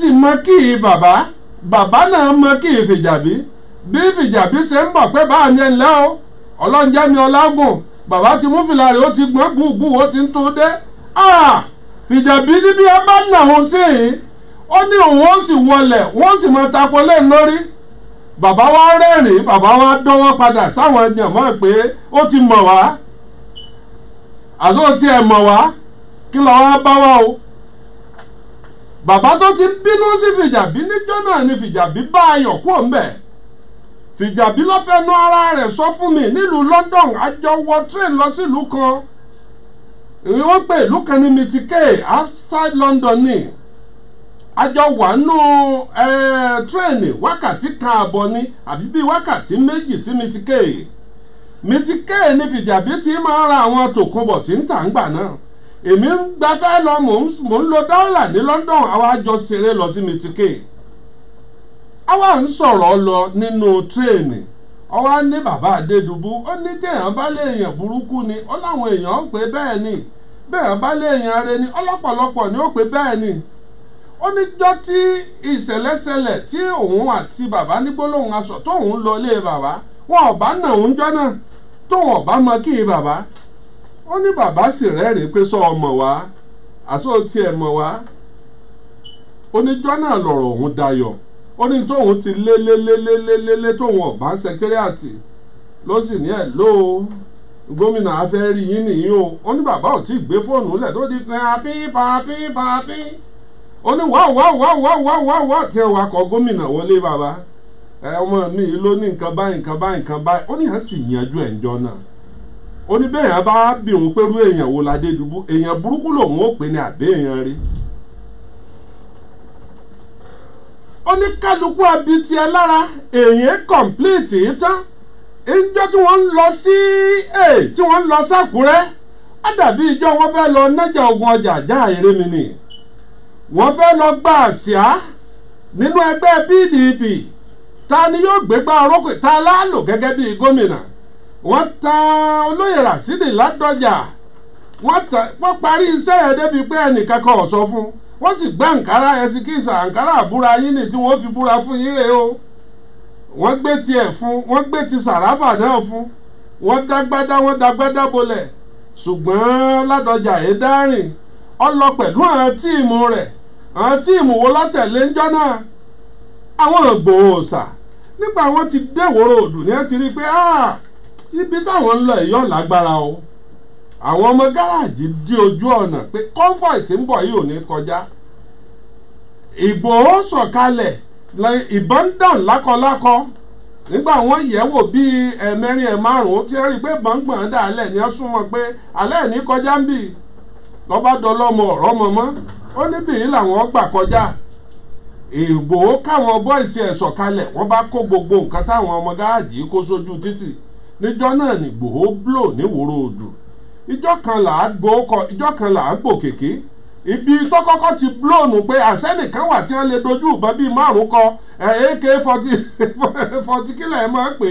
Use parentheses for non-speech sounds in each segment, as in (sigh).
sì mọ kí i bàbá bàbá náà mọ kí i fìjàbí bí fìjàbí ṣe ń bọ̀ pé báà ní ẹ̀ńlẹ́ o ọlọ́njẹ́ mi ọlágùn bàbá ti mú fìlà rẹ̀ ó ti gbọ́n gbùgbù ó ti ń tó dé fìjàbí níbi ẹ bá nà ó sí i ó ní òun ó sì wọlé wọ́n sì mọ tako lẹ́nu e lórí bàbá wa rẹ́rìn-ín bàbá wa dánwọ́ padà sáwọn èèyàn mọ̀ pé ó ti mọ̀ wá àtúntì ẹ̀ mọ̀ wá kí lọ́wọ́ bá wá o bàbá tó ti bínú sí fìjàbí níjọ́ náà ni fìjàbí bá ayọ̀ kú òǹbẹ̀ fìjàbí ló fẹnu ara rẹ̀ sọ fún mi nílùú London àjọ wọ train lọ sílùú kan ìwé wọn pé ìlú kan ní mitike outside London ni àjọ wà nù tírẹ̀nì wákàtí kan àbọ̀ ni àbí bíi wákàtí méjì sí mitike mitike ni fìjàbí ti máa ra àwọn tòkunbọ̀ tí ń tà ń gbà náà èmi ń gbafẹ́ lọ mò ń lo dọ́là ní London àwa jọ ṣeré lọ sí mitike àwa ń sọ̀rọ̀ lọ nínú tírèènì ní bàbá Adédùbú ó ní bá lé èèyàn burúkú ni ó láwọn èèyàn bẹ́ẹ̀ ni bẹ́ẹ̀ bá lé ni ọlọ́pọ̀lọpọ̀ ni ó pè bẹ́ẹ̀ ni ó tí àti bàbá ní gbólóhùn aṣọ lọ lé bàbá wọn òun ó ní bàbá sì rẹ́rìn-ín pé sọ ọmọ wa àti ó tiẹ̀ mọ̀ wá ó ní jọ́nà lọ̀rọ̀ òun dayọ̀ ó ní tóun ti lé lé lé lé lé lé lé tóun ọ̀bá sẹkẹ́rẹ́àtì ló sì ní ẹ̀ ló gómìnà afẹ́ rí yín nìyí o ó ní bàbá ò tí ì gbé fóònù lẹ̀ tó di pàápí pàápí pàápí ó ní wáò wáò wáò wáò wáò wáò wáò tí ẹ wá kọ gómìnà wọlé bàbá ọmọ mi ló ní nǹkan báyìí nǹkan báyìí nǹkan báyìí ó ní hàn sì yanjú ẹ̀ ń jọ náà ó ní bẹ́ẹ̀ yẹn bá bí òun pẹ̀lú èèyàn wo la dé dùbú èèyàn burúkú lòun ó pè ní àbẹ́ èèyàn rí ó ní kálukú abi tiẹ̀ lára èèyàn kọ̀m̀plìtì yìí tán ìjọ tí wọ́n ń lọ sí ẹ̀ tí wọ́n ń lọ sákùrẹ́ á dàbí ìjọ wọn fẹ́ lọ nájà ogun ọjà já èrè mi nì wọ́n fẹ́ lọ gba àsíá nínú ẹgbẹ́ PDP ta ni yóò gbégbá orókè ta láàlò gẹ́gẹ́ bíi gómìnà wọ́n ta olóyè rasidi ládọjà wọ́n parí iṣẹ́ ẹ̀ débi pé ẹnìkan kan ò sọ fún wọ́n sì gbá àǹkárá ẹsikísà àǹkárá àbúra yín ni tí wọ́n fi búra fún yín rèé o wọ́n gbé tiẹ̀ fún wọ́n gbé ti sàràfà náà fún wọ́n dágbádá wọ́n dágbádá bolẹ̀ ṣùgbọ́n ládọjà yìí dárìn ó lọ pẹ̀lú àwọn tíìmù rẹ̀ àwọn tíìmù wo lọ́tẹ̀lé ńjọ́ náà àwọn ògbòòsà nípa àwọn ti déwòrò òdù ni wọ́n ti rí i pé Ah ibi táwọn ń lọ èyí ò lágbára o àwọn ọmọ gáràjì dí ojú ọ̀nà pé convoy tí ń bọ̀ yìí ò ní kọjá Ìgbòho sọ̀kalẹ̀ ìbọn dàn lákọlákọ nígbà wọ́n yẹ̀ wò bíi ẹ̀mẹ́rin ẹ̀ márùn-ún tí ẹ rí i pé gbọ̀ngbọ̀n dàálẹ̀ ni wọ́n súnmọ́ pé alẹ́ ní kọjá ń bì lọ́ba dọlọ́mọ ọ̀rọ̀ mọ́mọ́ ó ní bìyí làwọn gbà kọjá Ìgbòho káwọn bọ́ìsì ẹ̀ sọ̀kalẹ̀ wọ́n bá kó gbogbo nǹkan táwọn ọmọ gáràjì kó sójú títì níjọ́ náà nìgbòho blow níwòrò odù ìjọ́ kan là kan là á gbò ibi tó kọ́kọ́ ti blow nù pé àṣẹ́nìkan wà tí wọ́n lè dojú ìbọn bíi márùn kọ ak forty (laughs) kílẹ̀ ẹ̀ máa pè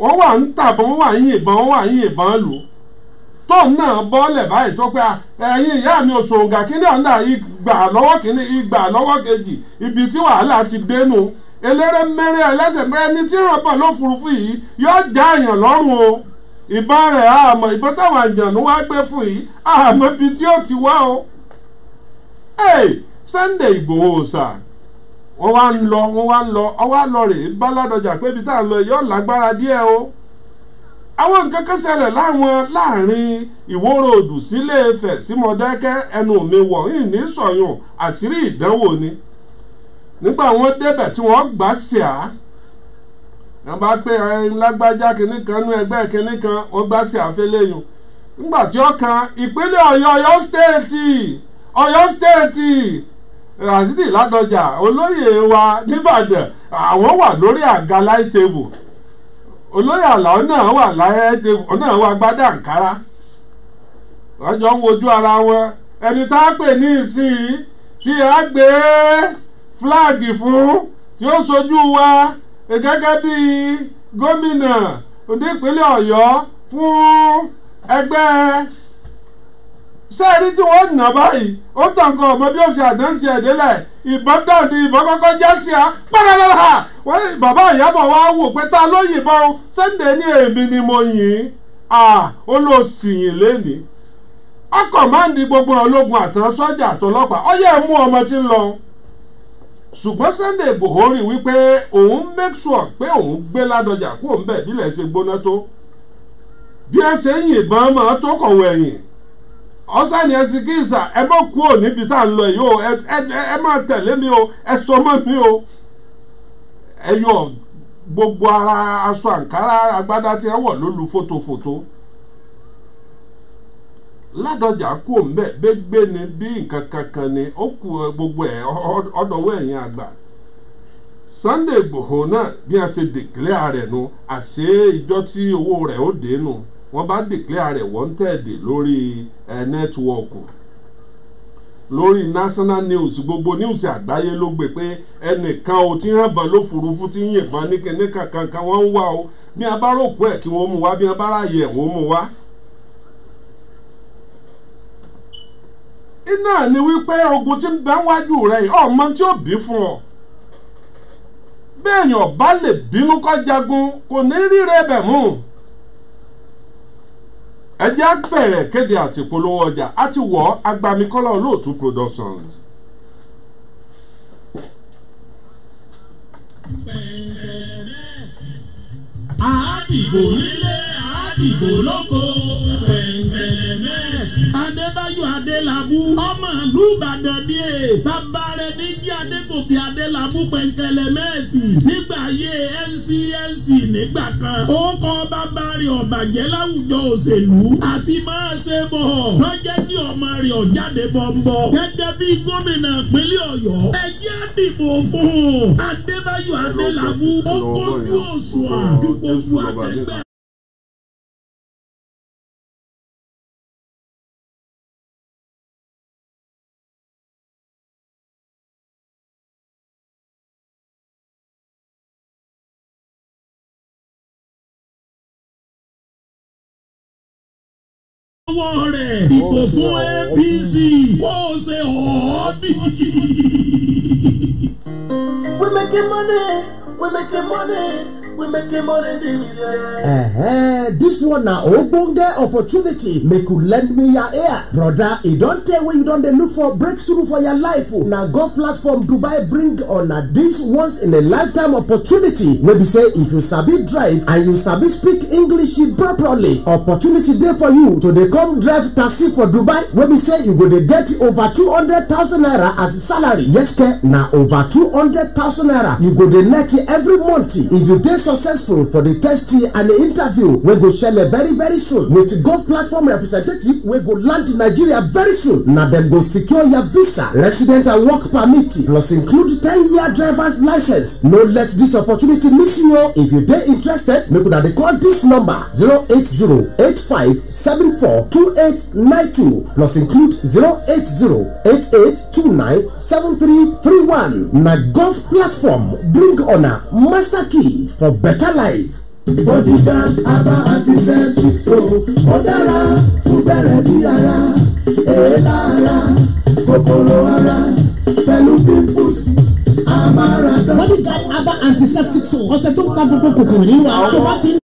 wọ́n wà ń tàbọn wọ́n wà ń yìnbọn wà ń yìnbọn tóun náà báyìí tó pé ẹ̀yin ìyá mi òṣòǹgà kíní ọ̀nà ìgbà lọ́wọ́ kíní ìgbà lọ́wọ́ kejì ibi tí wàhálà ti eléré mẹ́rẹ́ ẹlẹ́sẹ̀ pé ẹni tí ràn bọ̀ lófurufú yìí yóò já àyàn lọ́rùn o ìbọn rẹ̀ àmọ́ ìbọn táwọn àjànú wá gbé fún yìí àmọ́ ibi tí ó ti wá o. Sunday Ìgbòho sà wọ́n wá ń lọ wọ́n wá ń lọ ọwọ́ àlọ rèé pé ibi tá à lọ yóò lágbára díẹ̀ o àwọn nǹkan kan ṣẹlẹ̀ láwọn láàrin ìwóróòdù sílé Ifẹ̀ sí Mọdákẹ́ ẹnu mi wọ̀ yìí ní sọ̀yún àṣírí ìdánwò ni. nígbà wọn débẹ̀ tí wọ́n gbà sí à wọ́n bá pé kan nú ẹgbẹ́ kan wọ́n gbà sí àfẹ́lẹ́yìn nígbà tí ó kan ìpínlẹ̀ ọ̀yọ́ ọ̀yọ́ stéètì ọ̀yọ́ stéètì razidi ládọjà olóyè wa nìbàdàn àwọn wà lórí àga láì olóyè àlàó náà wà láyé tèbù náà gbádà nkárá wọ́n jọ ara wọn ẹni tá a pè ní ìsìn tí a flag fún tí ó sojú wa gẹ́gẹ́ bí gómìnà onípínlẹ̀ ọ̀yọ́ fún ẹgbẹ́ sẹ́ẹ̀rí tí wọ́n nà báyìí ó tàn kan ọmọ bí ó ṣe àdánsì ẹ̀dẹ́lẹ̀ ìbọn dàn ní ìbọn kọ́kọ́ já sí a pàrọ̀lọ́lá bàbá wa wò pé ta ló yìnbọn ní èmi ni mo yìn ó lọ sìyìn lẹ́nìí ọkọ̀ máa ń di gbogbo ológun ọmọ tí lọ. ṣùgbọ́n Sunday Igboho rí wípé òun make sure pé òun gbé Ládọjà kúrò ń bẹ̀ bílẹ̀ ṣe gbóná tó bí ẹ ṣe ń yìnbọn máa tó kọ̀wé ẹ̀yìn ọ̀sán ni ẹ ti kí ìsà ẹ bọ́ kúrò níbi tá à ń lọ yìí o ẹ máa mi o ẹ sọ mọ́ mi o ẹ gbogbo ara aṣọ àǹkárá agbádá tí ẹ wọ̀ lólu Foto ládọjà kú òǹbẹ gbégbé ni bí nǹkan kankan ó kù eh, gbogbo ẹ ọdọwọ ẹ̀yin àgbà Sunday Igboho náà bí a ṣe dèkílẹ́à rẹ̀ nu àṣé ìjọ tí owó rẹ̀ ó dé nu wọ́n bá dèkílẹ́à rẹ̀ lórí eh, nẹ́tíwọ́ọ̀kù lórí national news gbogbo news àgbáyé ló gbé pé ẹnìkan ti hàn lófurufú kankan o bí a bá rò pé kí wọ́n mú wá a bá wọ́n mú wá. iná ni wípé ogun tí ń bẹ wájú rẹ ọmọ tí ó bí fún ọ bẹ́ẹ̀yàn bá lè bínú kó jagun kò ní ríre bẹ̀ mú ẹjẹ́ bẹ̀rẹ̀ kéde àti polówó ọjà àti wọ́ agbamikọ́lá olóòtú productions. àádìbò nílé àádìbò lóko bẹ̀rẹ̀ ọmọ ìlú ìbàdàn ni è e. bàbá rẹ̀ ní jí adégòkè adélabú pẹ̀ǹkẹ̀lẹ̀ mẹ́ẹ̀tì nígbà yé NCNC nígbà kan ó kọ́ bàbá rẹ̀ ọ̀bàjẹ́ láwùjọ òṣèlú àti máa ṣe bọ̀ lọ́jẹ́ kí ọmọ rẹ̀ ọ̀jáde bọ̀m̀bọ̀ gẹ́gẹ́ bí gómìnà ìpínlẹ̀ ọ̀yọ́ ẹ̀jẹ̀ dìbò fún un adébáyọ̀ adélabú ó kójú òṣùwọ̀n ju gbogbo àtẹ̀gbẹ́. lọ́wọ́ rẹ̀ dìbò fún APC kó ṣe ọ̀ọ́ bì. we making money we this year. Uh-huh. This one na ogbonge opportunity make you lend me your ear. Brother, e don tey wey you don dey look for breakthrough for your life o. Na golf platform Dubai bring una this once in a lifetime opportunity wey be say if you sabi drive and you sabi speak English properly, opportunity dey for you to dey come drive taxi for Dubai wey be say you go dey get over two hundred thousand naira as salary. Yes ke, na over two hundred thousand naira you go dey net every month if you dey successful for the test and the interview wey go share very very soon with gov platform representative wey go land in nigeria very soon na dem go secure your visa resident and work permit plus include ten year drivers license no let this opportunity miss you o oh. if you dey interested make una dey call this number zero eight zero eight five seven four two eight nine two plus include zero eight zero eight eight two nine seven three three one na gov platform bring honor master key for better life. Bodyguard Aba antiseptic so ó dára fún bẹ̀rẹ̀ bí ara èélá ara kòkòrò ara pẹ̀lú pimples amárata. Bodyguard Aba antiseptic so ọ̀sẹ̀ tó ń pa gbogbo kòkòrò nínú àwọn tó bá ti ń.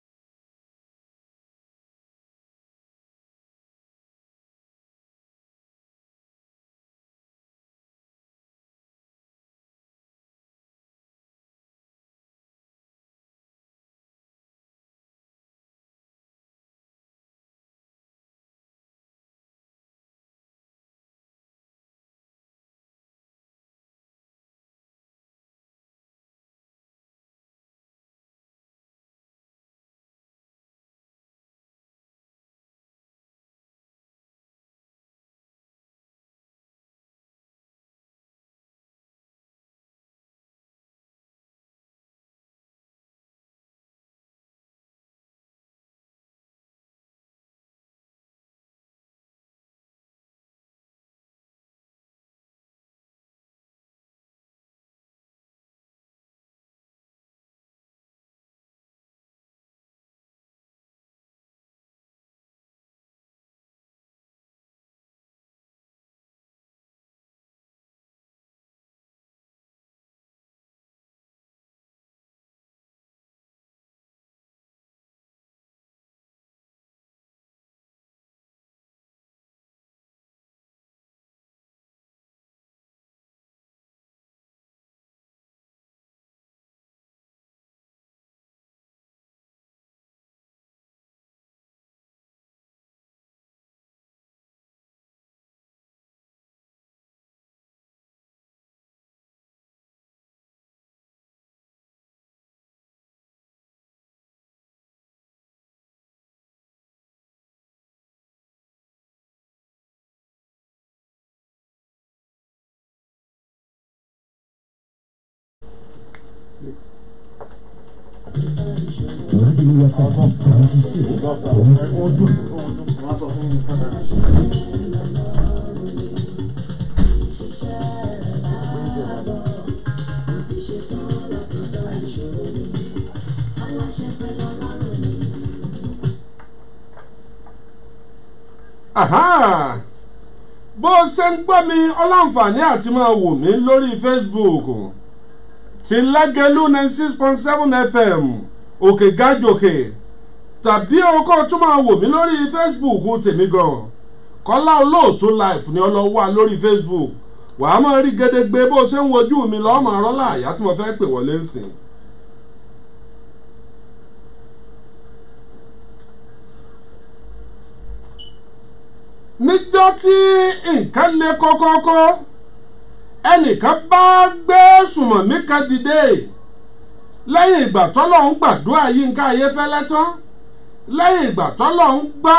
Aha! bó ṣe ń gbọ́ mi ọláǹfààní àti máa wò mí lórí Facebook ti Lágẹ̀lú ninety six point seven FM òkè gájòkè tàbí ohun kó tún máa wò mí lórí facebook tèmi gan kọ́lá olóòtú life ni ọlọ́wọ́ lórí facebook wàá mọ̀ rí gedegbe bó ṣe ń wojú mi lọ́mọ rọ́lá àyà tí mo fẹ́ pè wọlé ń sìn. níjọ́ tí nǹkan le kọ́kọ́kọ́ ẹnìkan bá gbé sùnmọ̀ mi kan dìde. lẹ́yìn ìgbà tọ́lọ́hún gbàdúrà Yínká Ayéfẹ́lẹ́ tán lẹ́yìn ìgbà tọ́lọ́hún gbá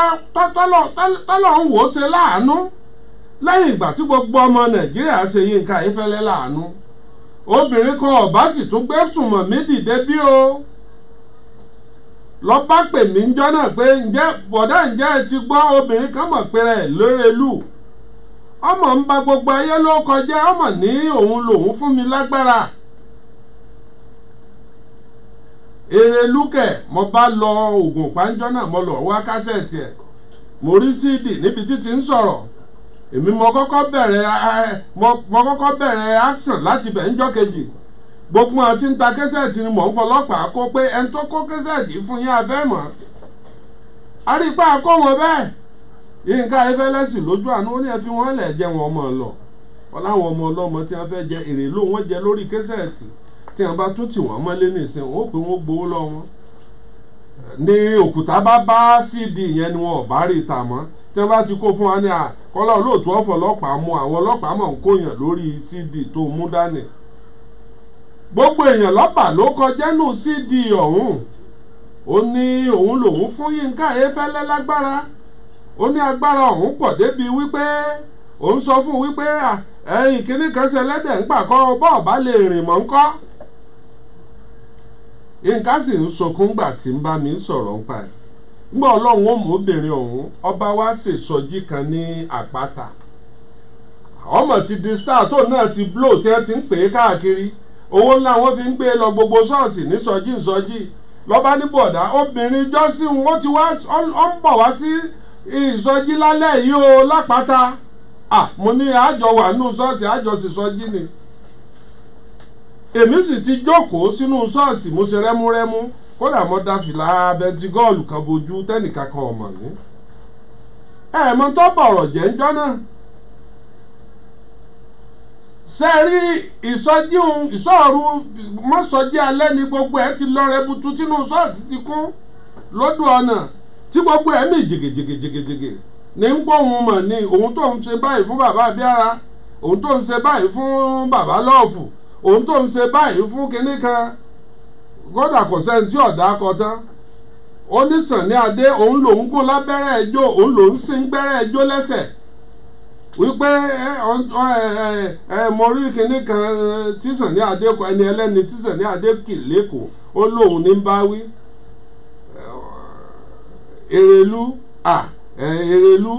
tọ́lọ́hún wò ó ṣe láàánú lẹ́yìn ìgbà tí gbogbo ọmọ Nàìjíríà ṣe Yínká Ayéfẹ́lẹ́ láàánú obìnrin kan ọ̀bá sì tún gbé sùnmọ̀ mí dìde bí o pè mí ń pé ǹjẹ́ bọ̀dá ǹjẹ́ ẹ ti gbọ́ obìnrin gbogbo ayé ló kọjá ọmọ ní òun lòun fún mi Erelúkẹ̀ mo bá lọ oògùn pàǹjọ́ náà mo lọ wá kásẹ̀tì ẹ̀ mo rí síìdì níbi títí ń sọ̀rọ̀ èmi mo kọ́kọ́ bẹ̀rẹ̀ eh, mo kọ́kọ́ bẹ̀rẹ̀ action láti bẹ̀ ńjọ́ kejì gbogbo àti ń ta kẹsẹ̀tì ni mò ń fọlọ́pàá kó pé ẹni tó kó kẹsẹ̀tì fún yín afẹ́ mọ́ àríkpá kó wọn bẹ́ẹ̀ yínká lójú wọn ọmọ lọ ọmọ èrè wọ́n jẹ lórí tí wọ́n bá tún tì wọ́n mọ́lé nìsín wọ́n pè wọ́n gbowó lọ wọn ní òkúta bá bá sídi ìyẹn ni wọn ò bá rí ìta mọ́ tí wọ́n bá ti kó fún wa ní àkọ́lá olóòtú ọ̀fọ̀ ọlọ́pàá mu àwọn ọlọ́pàá mọ̀ ń kóyàn lórí sídi tó mú dání gbogbo èèyàn lọ́pà ló kọjá nù sídi ọ̀hún ó ní òun lòun fún Yínká Ayéfẹ́lẹ́ lágbára ó ní agbára ọ̀hún pọ̀ débi wípé òun sọ fún wípé ẹ̀yìn kínní kan ṣẹlẹ́dẹ̀ ń gbà kọ́ bọ́ọ̀ bá lè rìn mọ́ ń Yínká sì ń sọkún gbà tí ń bá mi sọ̀rọ̀ ń pa ẹ̀ ngbà ọlọ́run obìnrin ọ̀hún ọba wa kan ní àpáta ọmọ ti di star tó náà ti blow tí ẹ ti ń pè é káàkiri owó ńlá wọn fi ń gbé e lọ gbogbo ṣọ́ọ̀ṣì ní sọjí nsọjí lọ́ba ní bọ̀dá obìnrin jọ́sìn ó ti wá ó o lápáta ah mo ní àjọ wà nù ṣọ́ọ̀ṣì àjọ sì sọjí ni. èmi sì ti jókòó sínú ṣọ́ọ̀ṣì mo ṣe rẹ́múrẹ́mú kódà mo da fìlà bẹntigọ́ọ̀lù kan bojú tẹ́nìkan kan ọ̀mọ̀ ní. ẹ̀ẹ̀mọ tó bọ̀rọ̀ jẹ́ ń jọ́nà ṣe rí ìsọjíhun ìsọ̀rù mọ́sọjí alẹ́ ni gbogbo ẹ̀ ti lọ rẹbutu tínú ṣọ́ọ̀ṣì ti kún lódò ọ̀nà tí gbogbo ẹ̀ mì jìgìjìgìjìgì ní ń gbóhun mọ̀ ni òun tó ń ṣe báyìí fún bàbá abíára òun tó ń ṣe báyìí fún bàbá lọ́ọ̀fù òun tó ń ṣe báyìí fún kinní kan kódà kò sẹ́ni tí ọ̀dà kọ tán ó ní Sànní Adé òun lòún gún lábẹ́rẹ́ ẹjọ́ òun lòún sín gbẹ́rẹ́ ẹjọ́ lẹ́sẹ̀ wípé mo rí kinní kan tí Sànní Adé ẹni ẹlẹ́ni tí Sànní Adé kì lẹ́kọ̀ọ́ ó lóun ní bá wí Èrèlú à Èrèlú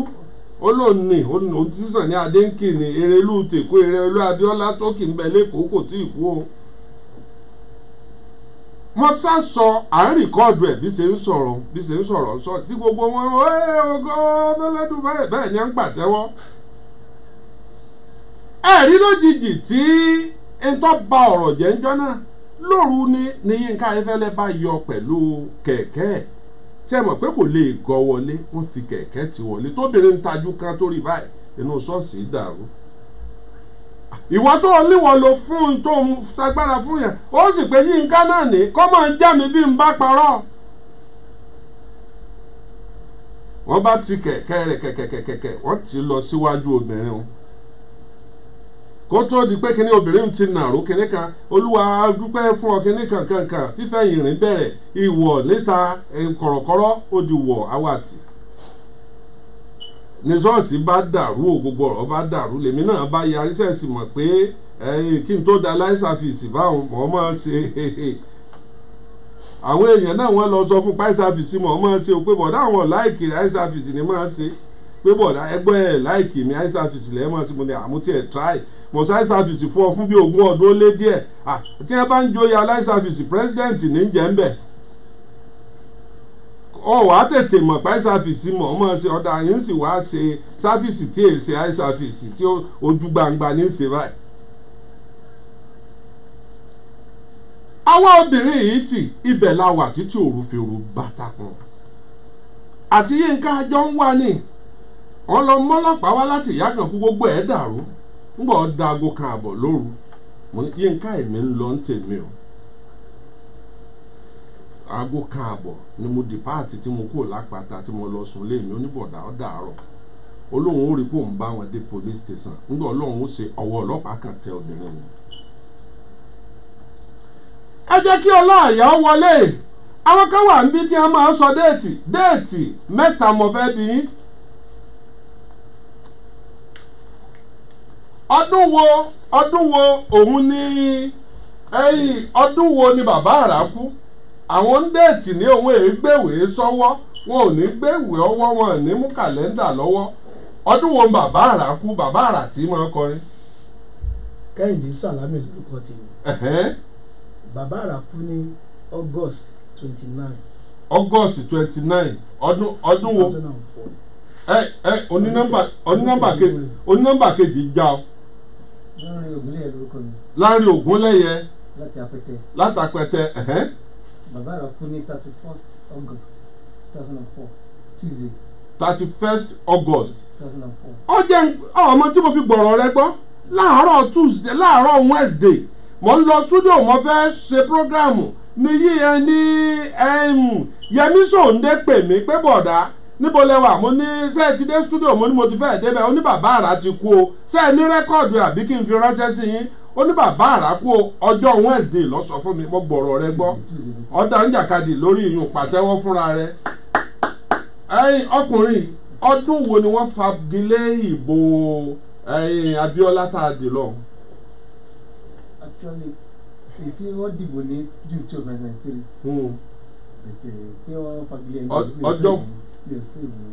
ó lóun ní òun ti sàn ní adéǹkì ní erelú tèkó erelú abíọ́lá tó kì ń bẹ lẹ́kọ̀ọ́ kò tí ì kú o. wọ́n sá sọ ẹ̀ bí ṣe ń sọ̀rọ̀ sọ sí gbogbo wọn ẹ ọgọ́ ọmọlẹ́dùn à tí ń tọ́ ba ọ̀rọ̀ jẹ́ ń lóru ni ni bá yọ pẹ̀lú kẹ̀kẹ́ ṣe mọ̀ pé kò lè gọ́ wọlé wọ́n fi kẹ̀kẹ́ ti wọlé tóbìnrin ń tajú kan tó rí báyìí inú ṣọ́ọ̀ṣì dàrú ìwọ tó o níwọ̀n lo fún un tó ń sagbára fún yẹn ó sì pé yínká náà ní kọ́ máa ń já mi bí n bá parọ́ wọ́n bá ti kẹ̀kẹ́ rẹ̀ kẹ̀kẹ̀kẹ̀kẹ̀ wọ́n ti lọ síwájú obìnrin o kó tó di pé kíní obìnrin ti nàró kíní kan olúwa dúpẹ́ fún ọ kíní kan kankan fífẹ́ ìrìn bẹ̀rẹ̀ ìwọ̀ níta kọ̀rọ̀kọ̀rọ̀ ó di wọ̀ awàtì ní ṣọ́ọ̀ṣì bá dàrú o gbogbo ọ̀rọ̀ bá dàrú lèmi náà bá yarí sẹ́ẹ̀sì mọ̀ pé kí n tó da láìsàfìsì báwọn mọ̀ ọ́ máa ṣe àwọn èèyàn náà wọ́n lọ sọ fún páìsàfìsì mọ̀ ọ́ máa ṣe o pé bọ̀dá àwọn láìkì láìsàfìsì ni máa ṣe pé bọ̀dá ẹgbẹ́ ẹ̀ láìkì ni láìsàfìsì lẹ́ẹ̀ máa ṣe mo ní àmútí ẹ̀ tíráì mọ̀sáì sáfìsì fún ọ fún bí ogún ọdún ó lé díẹ̀ tí wọ́n bá ń joyè aláìsàfìsì pírẹ́sidẹ̀ǹtì ní jẹ́ńbẹ̀ ọ wà á tètè mọ̀ pé àìsàfìsì mọ̀ ọmọ ṣe ọ̀dà yín sì wá ṣe sáfìsì tí èyí ṣe àìsàfìsì tí ojú gbangba ní ṣe báyìí. àwọn obìnrin yìí tì ibẹ̀ la wà títí òru fi ru bàtà kan àti yínká jọ ń wá ní ọlọmọlọpàá wá láti ìyá kan kú gbogbo ẹ̀ dàrú. ngbọ ọdọ aago kan lọrụ lóru mo ní lọ ń tèmi o ni mo dìpáàtì tí mo kúrò lápáta ti mo lọ sùn léèmí oníbọ̀dà ọ̀dà àárọ̀ olóhùn ó rí kó ń bá wọn dé police station nígbà ọlọ́run ó ṣe tẹ obìnrin mi. ẹ jẹ́ kí ọláàyà wọlé àwọn kan wà níbi tí máa ń sọ déètì déètì mẹ́ta ọdún wo ọdún òun ní ni bàbá àrà àwọn ń ní òun èé gbèwèé sọ́wọ́ wọn ò ní gbèwèé ọwọ́ wọn ò ní mú kàlẹ́ńdà lọ́wọ́ ọdún bàbá àrà kú bàbá àrà kú ní august twenty nine. august twenty nine ọdún ọdún kejì já o. láàrin ògúnlẹ̀yẹ lórúkọ mi. láàrin ògúnlẹ̀yẹ. láti apẹtẹ. láti apẹtẹ. bàbá rẹ̀ kú ní thirty first august two thousand and four tuesday. thirty first august. two thousand and four. ó jẹ́ ọmọ tí mo fi gbọ̀rọ̀ rẹ gbọ́ láàárọ̀ tuesday láàárọ̀ wednesday mo ń lọ studio mo fẹ́ ṣe programu ní yíyan ní yẹmí sòǹdé pè mí pé bọ̀dá níbo lẹ wà mo ní ṣé ẹ ti dé studio mo ní mo ti fẹ́ débẹ̀ ó ní bàbá àrà ti kú o ṣé ẹ ní rẹ́kọ̀dù àbí kí n fi ránṣẹ́ sí yín ó ní bàbá àrà kú o ọjọ́ Wednesday lọ sọ fún mi mo gbọ̀rọ̀ rẹ gbọ́ ọ̀dà ń jàkadì lórí ìyún pàtẹ́wọ́ fúnra rẹ ẹ̀yin ọkùnrin ọdún wo ni wọ́n fagilé ìbò ẹ̀yin tá a dì lọ. actually ètí wọ́n dìbò ní june twelve nineteen. Hmm. ọjọ́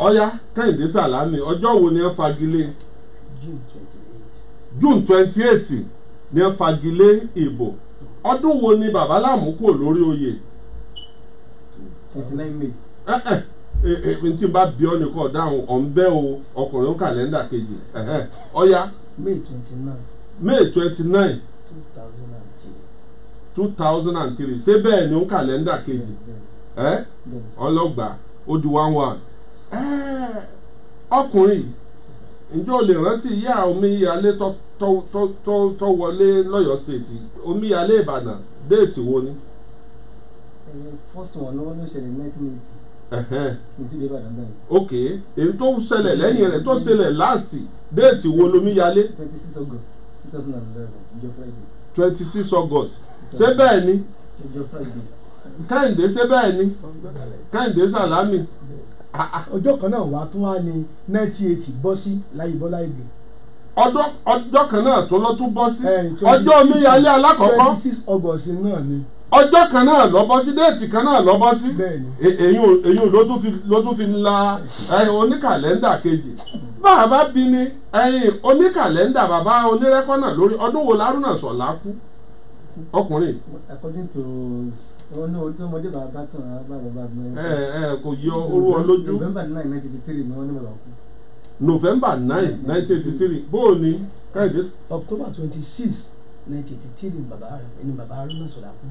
ọ̀yá kẹ́hìndé sàlámì ọjọ́ wo ni ẹ fagilé june twenty eight ni ẹ fagilé ìbò ọdún wo ni bàbá láàmú kò lórí oyè. may. ẹ ẹ tí bá bí ọ nìkan ọ̀ ń bẹ́ o ọkùnrin kàlẹ́ndà kejì Ọya? may twenty nine. may twenty nine. two ṣé ni ó kàlẹ́ndà kejì ọlọ́gbàá. ó di one one ọkùnrin ǹjẹ́ o lè rántí ìyá omíyalé tó wọlé lọ́yọ̀ọ́ state omíyalé ìbàdàn déètì wo ni. first one ló ṣẹlẹ̀ nineteen eighty ok èyí tó ṣẹlẹ̀ lẹ́yìn rẹ̀ tó ṣẹlẹ̀ last déètì wo lomíyalé. twenty six august two thousand and eleven ọjọ́ friday. twenty six august ṣé bẹ́ẹ̀ ni. ọjọ́ friday. kẹ́hìndé ṣe bẹ́ẹ̀ ni kẹ́hìndé sàlámì. ọjọ́ kan náà wà á tún wá ní nineteen eighty bọ́ sí láyé bọ́lá ọjọ́ kan náà tó lọ tún bọ́ sí ọjọ́ omíyalé alákọ̀ọ́kọ́ twenty six august náà ni ọjọ́ kan náà lọ́bọ́ sí déètì kan náà lọ́bọ́ sí e, èyí ò ló tún fi la oníkàlẹ́ndà kejì bàbá bí ni oníkàlẹ́ndà bàbá onírẹ́kọ́nà lórí ọdún wo lárúnà sọ̀lá kú. ọkùnrin. according to wọn ní ojú ọmọdé bàbá tán bá bàbá mi. ẹ ẹ kò yọ orú ọ lójú. november nine nineteen eighty three ni wọn ní bàbá kú. november nine nineteen eighty three bó o ní káyọ̀dé. october twenty six nineteen eighty three ni bàbá rẹ ni bàbá rẹ náà sọ̀rọ̀ àkú.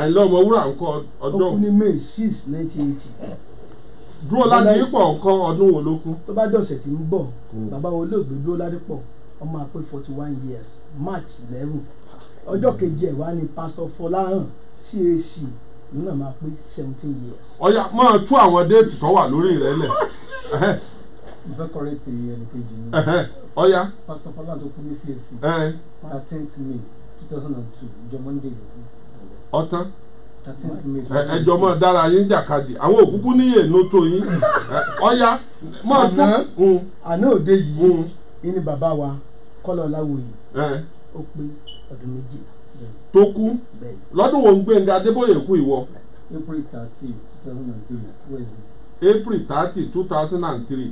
àìlọ́ ọmọ wúrà ń kọ ọjọ́. ó kú ní may six nineteen eighty dúró ládìpọ̀ nǹkan ọdún wo ló kú. tó bá dọ̀sẹ̀ tí ń bọ̀ hmm. bàbá olóògbé dúró ládìpọ̀ ọmọ àpé forty one years march eleven ọjọ́ kejì ẹ̀ wá ni pásítọ̀ Fọláhàn CAC òun náà máa pé seventeen years. ọ̀yà máa tú àwọn déètì tó wà lórí rẹ̀ lẹ̀. mo fẹ́ kọ́rẹ́tì ẹnìkejì mi. ọ̀yà. pásítọ̀ Fọláhàn tó kú ní CAC. thirteenth May two thousand and two ìjọ Monday ló kú. ọ̀tán ẹjọ mọ dára yín jàkadì àwọn òkúkú níyè nótó yín ọ̀yà máa tú. àná òde yìí ni bàbá wa kọ́lọ̀ láwòye ó pé ọdún méjì. tó kú lọ́dún wo ń Gbénga Adébóyè kú ìwọ. April thirty two oh thousand and three Wednesday. April thirty two thousand and three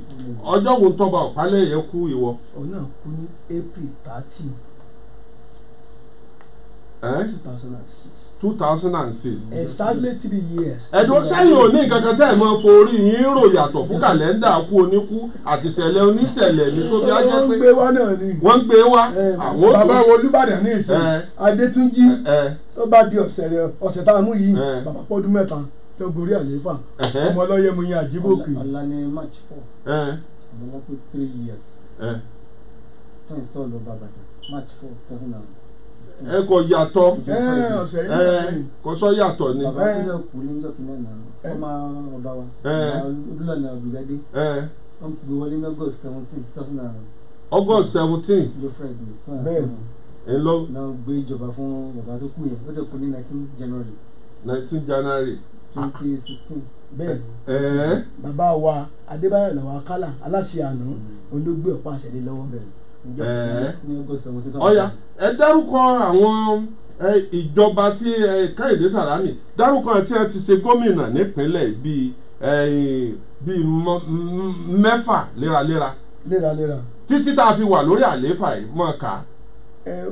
ọjọ́ wo tọ́ba ọ̀pálẹ̀yẹ kú ìwọ. òun náà kú ní April thirty two oh thousand and six two thousand and six. exactly three years. ẹ̀dùn sẹ́yìn òní nǹkan kan tẹ́ ẹ̀ máa forí yín rò yàtọ̀ fún kàlẹ́ndà kú oníkú àti ìṣẹ̀lẹ̀ oníṣẹ̀lẹ̀ ní tó bí a jẹ́ pé wọ́n ń gbé wá náà ni wọ́n ń gbé wá. bàbá Olúbàdàn ní ìsìn Adétúnjí tó bá di ọ̀sẹ̀ tá a mú yìí bàbá pọ́dún mẹ́ta tó gorí àlééfà ọmọ ọlọ́yẹ mu yín àjíbòkè. ọ̀la ni march four ọ̀la pé three years tó install ọba Ìbàdàn march four two thousand and ẹ kò yàtọ̀ ẹ kò sọ yàtọ̀ ni. bàbá tí yóò kú ní ọjọ́ kìnìún náà ọmọ ọba wa olùlànà ọ̀dùgádé wọ́n gbé wọlé ní august seventeen two thousand and. august seventeen. ló fẹ́ di bẹ́ẹ̀ ló gbé ìjọba fún bàbá tó kú yẹn ó dẹ̀ kú ní nineteen january. nineteen january. twenty sixteen bẹ́ẹ̀ bàbá wa adébáyọ̀ làwọn akálà aláṣẹ àná olóògbé mm. ọ̀pá àṣẹlẹ̀ lọ́wọ́ bẹ́ẹ̀ ọ̀yà ẹ dárúkọ àwọn ìjọba tí Kẹ́hìndé Sàlámì dárúkọ tí ẹ ti ṣe gómìnà nípínlẹ̀ bíi bíi mẹ́fà léraléra. títí tá a fi wà lórí àlééfà yìí mọ̀ ká.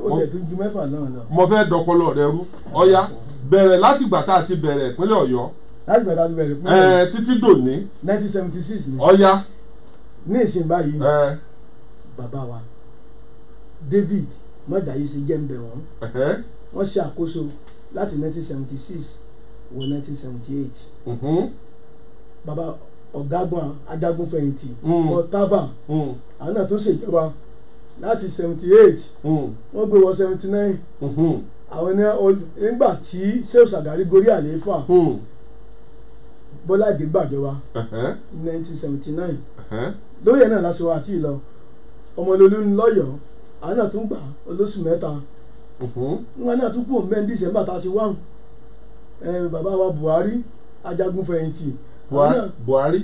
ó tẹ̀ tó ju mẹ́fà náà lọ. mo fẹ́ dọpọlọ rẹ rú ọ̀yà bẹ̀rẹ̀ láti gbà tá a ti bẹ̀rẹ̀ ìpínlẹ̀ Ọ̀yọ́. láti gbà tá a ti bẹ̀rẹ̀ ìpínlẹ̀ Ọ̀yọ́. ẹ títí dòní. nineteen seventy six ni. ọ̀yà. ní ìsìn báyìí. bàbá wa. David mọ̀dáyé ṣe jẹ́ ń bẹ̀ wọ́n wọ́n ṣe àkóso láti 1976 wọ 1978 mm-hmm. bàbá ọ̀gágun ajagunfẹ̀yìntì wọn mm. tábà mm. àwọn náà tó ṣèjọba láti 78 mm. wọ́n gbé wọ 79 mm-hmm. àwọn ní nígbà tí Shehu Shagari gorí àlééfà Bọ́lá Ìgè gbàjọba 1979 lóyè náà láṣọ àti ìlọ Ọmọlolú ńlọyọ̀ọ́ àwọn náà tún gbà olóṣù mẹ́ta wọn náà tún kú òun bẹ́ẹ̀ ní dísẹ́mbà thirty one bàbá wa Buhari ajagunfẹ̀yìntì Buhari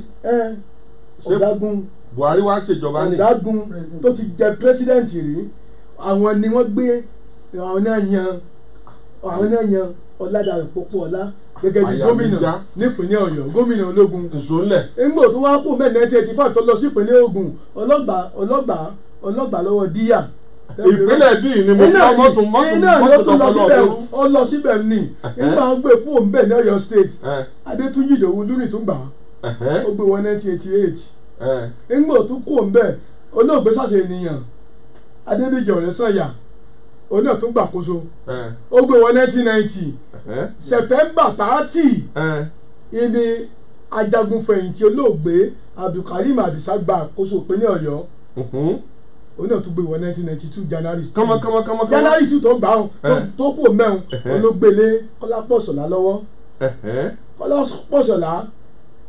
ọ̀gágun Buhari wá ṣèjọba ní ọ̀gágun tó ti jẹ pírẹsidẹ́ǹtì rí àwọn ni wọ́n gbé àwọn náà yan àwọn náà yan Ọládàrọ̀ Pópóọlá gẹ́gẹ́ bí gómìnà nípínlẹ̀ Ọ̀yọ́ gómìnà ológun ìṣòlẹ̀ ńgbò tó wá kó mẹ́ẹ̀ẹ́dẹ́gbẹ̀ẹ́ tí fàtọ́ lọ sí ìpínlẹ̀ Ògùn ọlọ́gbà ọlọ́gbà ọlọ́gbà lọ́wọ́ díyà ìpínlẹ̀ bíi ni mo fọ́ mọ́tò mọ́tò mọ́tò lọ́wọ́ ọ lọ síbẹ̀ ni nígbà wọn gbé fóònù bẹ́ẹ̀ ní Ọ̀yọ́ state Adétúnjì Ìdòwú lórí tó ó gbé wọn nineteen eighty eight nígbà tó kó ń olóògbé sàṣẹ ènìyàn Adédèjì Ọ̀rẹ́sànyà oníyàn tó gbàkóso ó gbé wọn nineteen ninety September thirty ìní ajagunfẹ̀yìntì olóògbé Abdulkareem Adisa gba àkóso ìpínlẹ̀ Ọ̀yọ́ òun náà tún gbé wọ nineteen ninety two january two january two tó gbà án tó kú mẹ́un olóògbélé kọ́lápọ̀ṣọ̀lá lọ́wọ́ kọ́lápọ̀ṣọ̀lá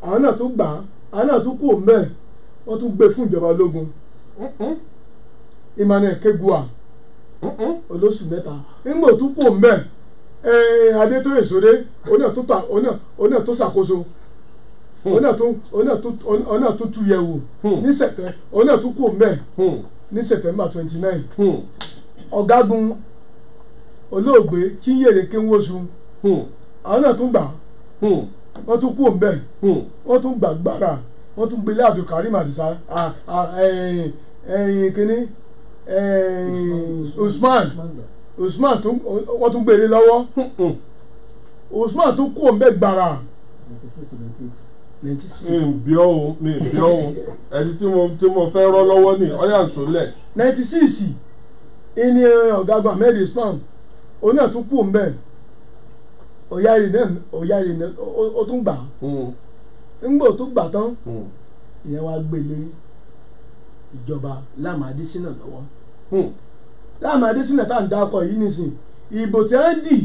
àwọn náà tún gbà án àwọn náà tún kú mẹ́ẹ̀ wọ́n tún gbé fún ìjọba ológun emmanuel kegua olóṣù mẹ́ta nígbà tó kú mẹ́ẹ̀ adétóyè sódé oní ọ̀tún ṣàkóso oní ọ̀tún tu yẹ̀wò hmm. ní sẹ̀tẹ̀ oní ọ̀tún kú mẹ́ẹ̀ ní september twenty nine hmm. ọ̀gágun olóògbé chinyere kínwóṣù hmm. àwọn náà tún gbà hmm. wọ́n tún kú òǹbẹ wọ́n tún gbà gbára wọ́n tún gbélé abdulkareem adisa kínní usman usman wọ́n tún gbélé lọ́wọ́ usman tún kú òǹbẹ gbára. ninety six to ninety eight mi ò bí ọ̀hún mi ò bí ọ̀hún ẹni tí mo tí mo fẹ́ rọ́ lọ́wọ́ ni ọ̀yà ń sọlẹ̀. ninety six ìní eh, ọ̀gágun ahmed islam oní ọ̀tún kù mbẹ́ ọ̀yáre náà ọ̀yáre náà ó tún gbà hmm. ńgbò tó gbà tán hmm. ìyẹn wàá gbélé ìjọba Láàmú Adésínà lọ́wọ́ hmm. Láàmú Adésínà tá à ń dákọ̀ yìí nísìn ìbò tí wọ́n dì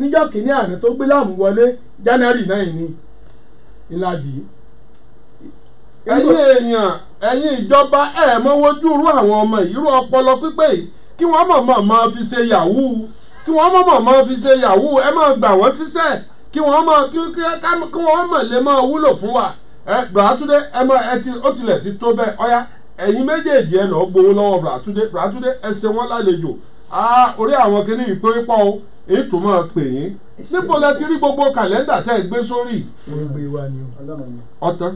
níjọ́ kìíní àná tó gbé Láàmú wọlé January náà yìí ni. Hmm ìlàjì ẹ̀yin èèyàn ẹ̀yin ìjọba ẹ̀ mọ́wójú irú àwọn ọmọ ìrú ọpọlọ pípé yìí kí wọ́n mọ̀ mọ̀ mọ̀ fi ṣe yahoo kí wọ́n mọ̀ mọ̀ mọ̀ fi ṣe yahoo ẹ máa gbà wọ́n síṣẹ́ kí wọ́n mọ̀ kí wọ́n mọ̀ lè máa wúlò fún wa ẹ Bùràtúndé ẹ mọ ẹ ti ó tilẹ̀ ti tó bẹ́ẹ̀ ọ̀ya ẹ̀yin méjèèjì ẹ lọ́ọ́ gbowó lọ́wọ́ Bùràtúndé Bùràtúndé ẹ ṣe wọ́n lálejò orí àwọn kinní yìí péré pọ́ o ètò máa pè yín níbo lẹ ti rí gbogbo kàlẹ́ndà tẹ́ ẹ gbé sórí. ọ̀tán.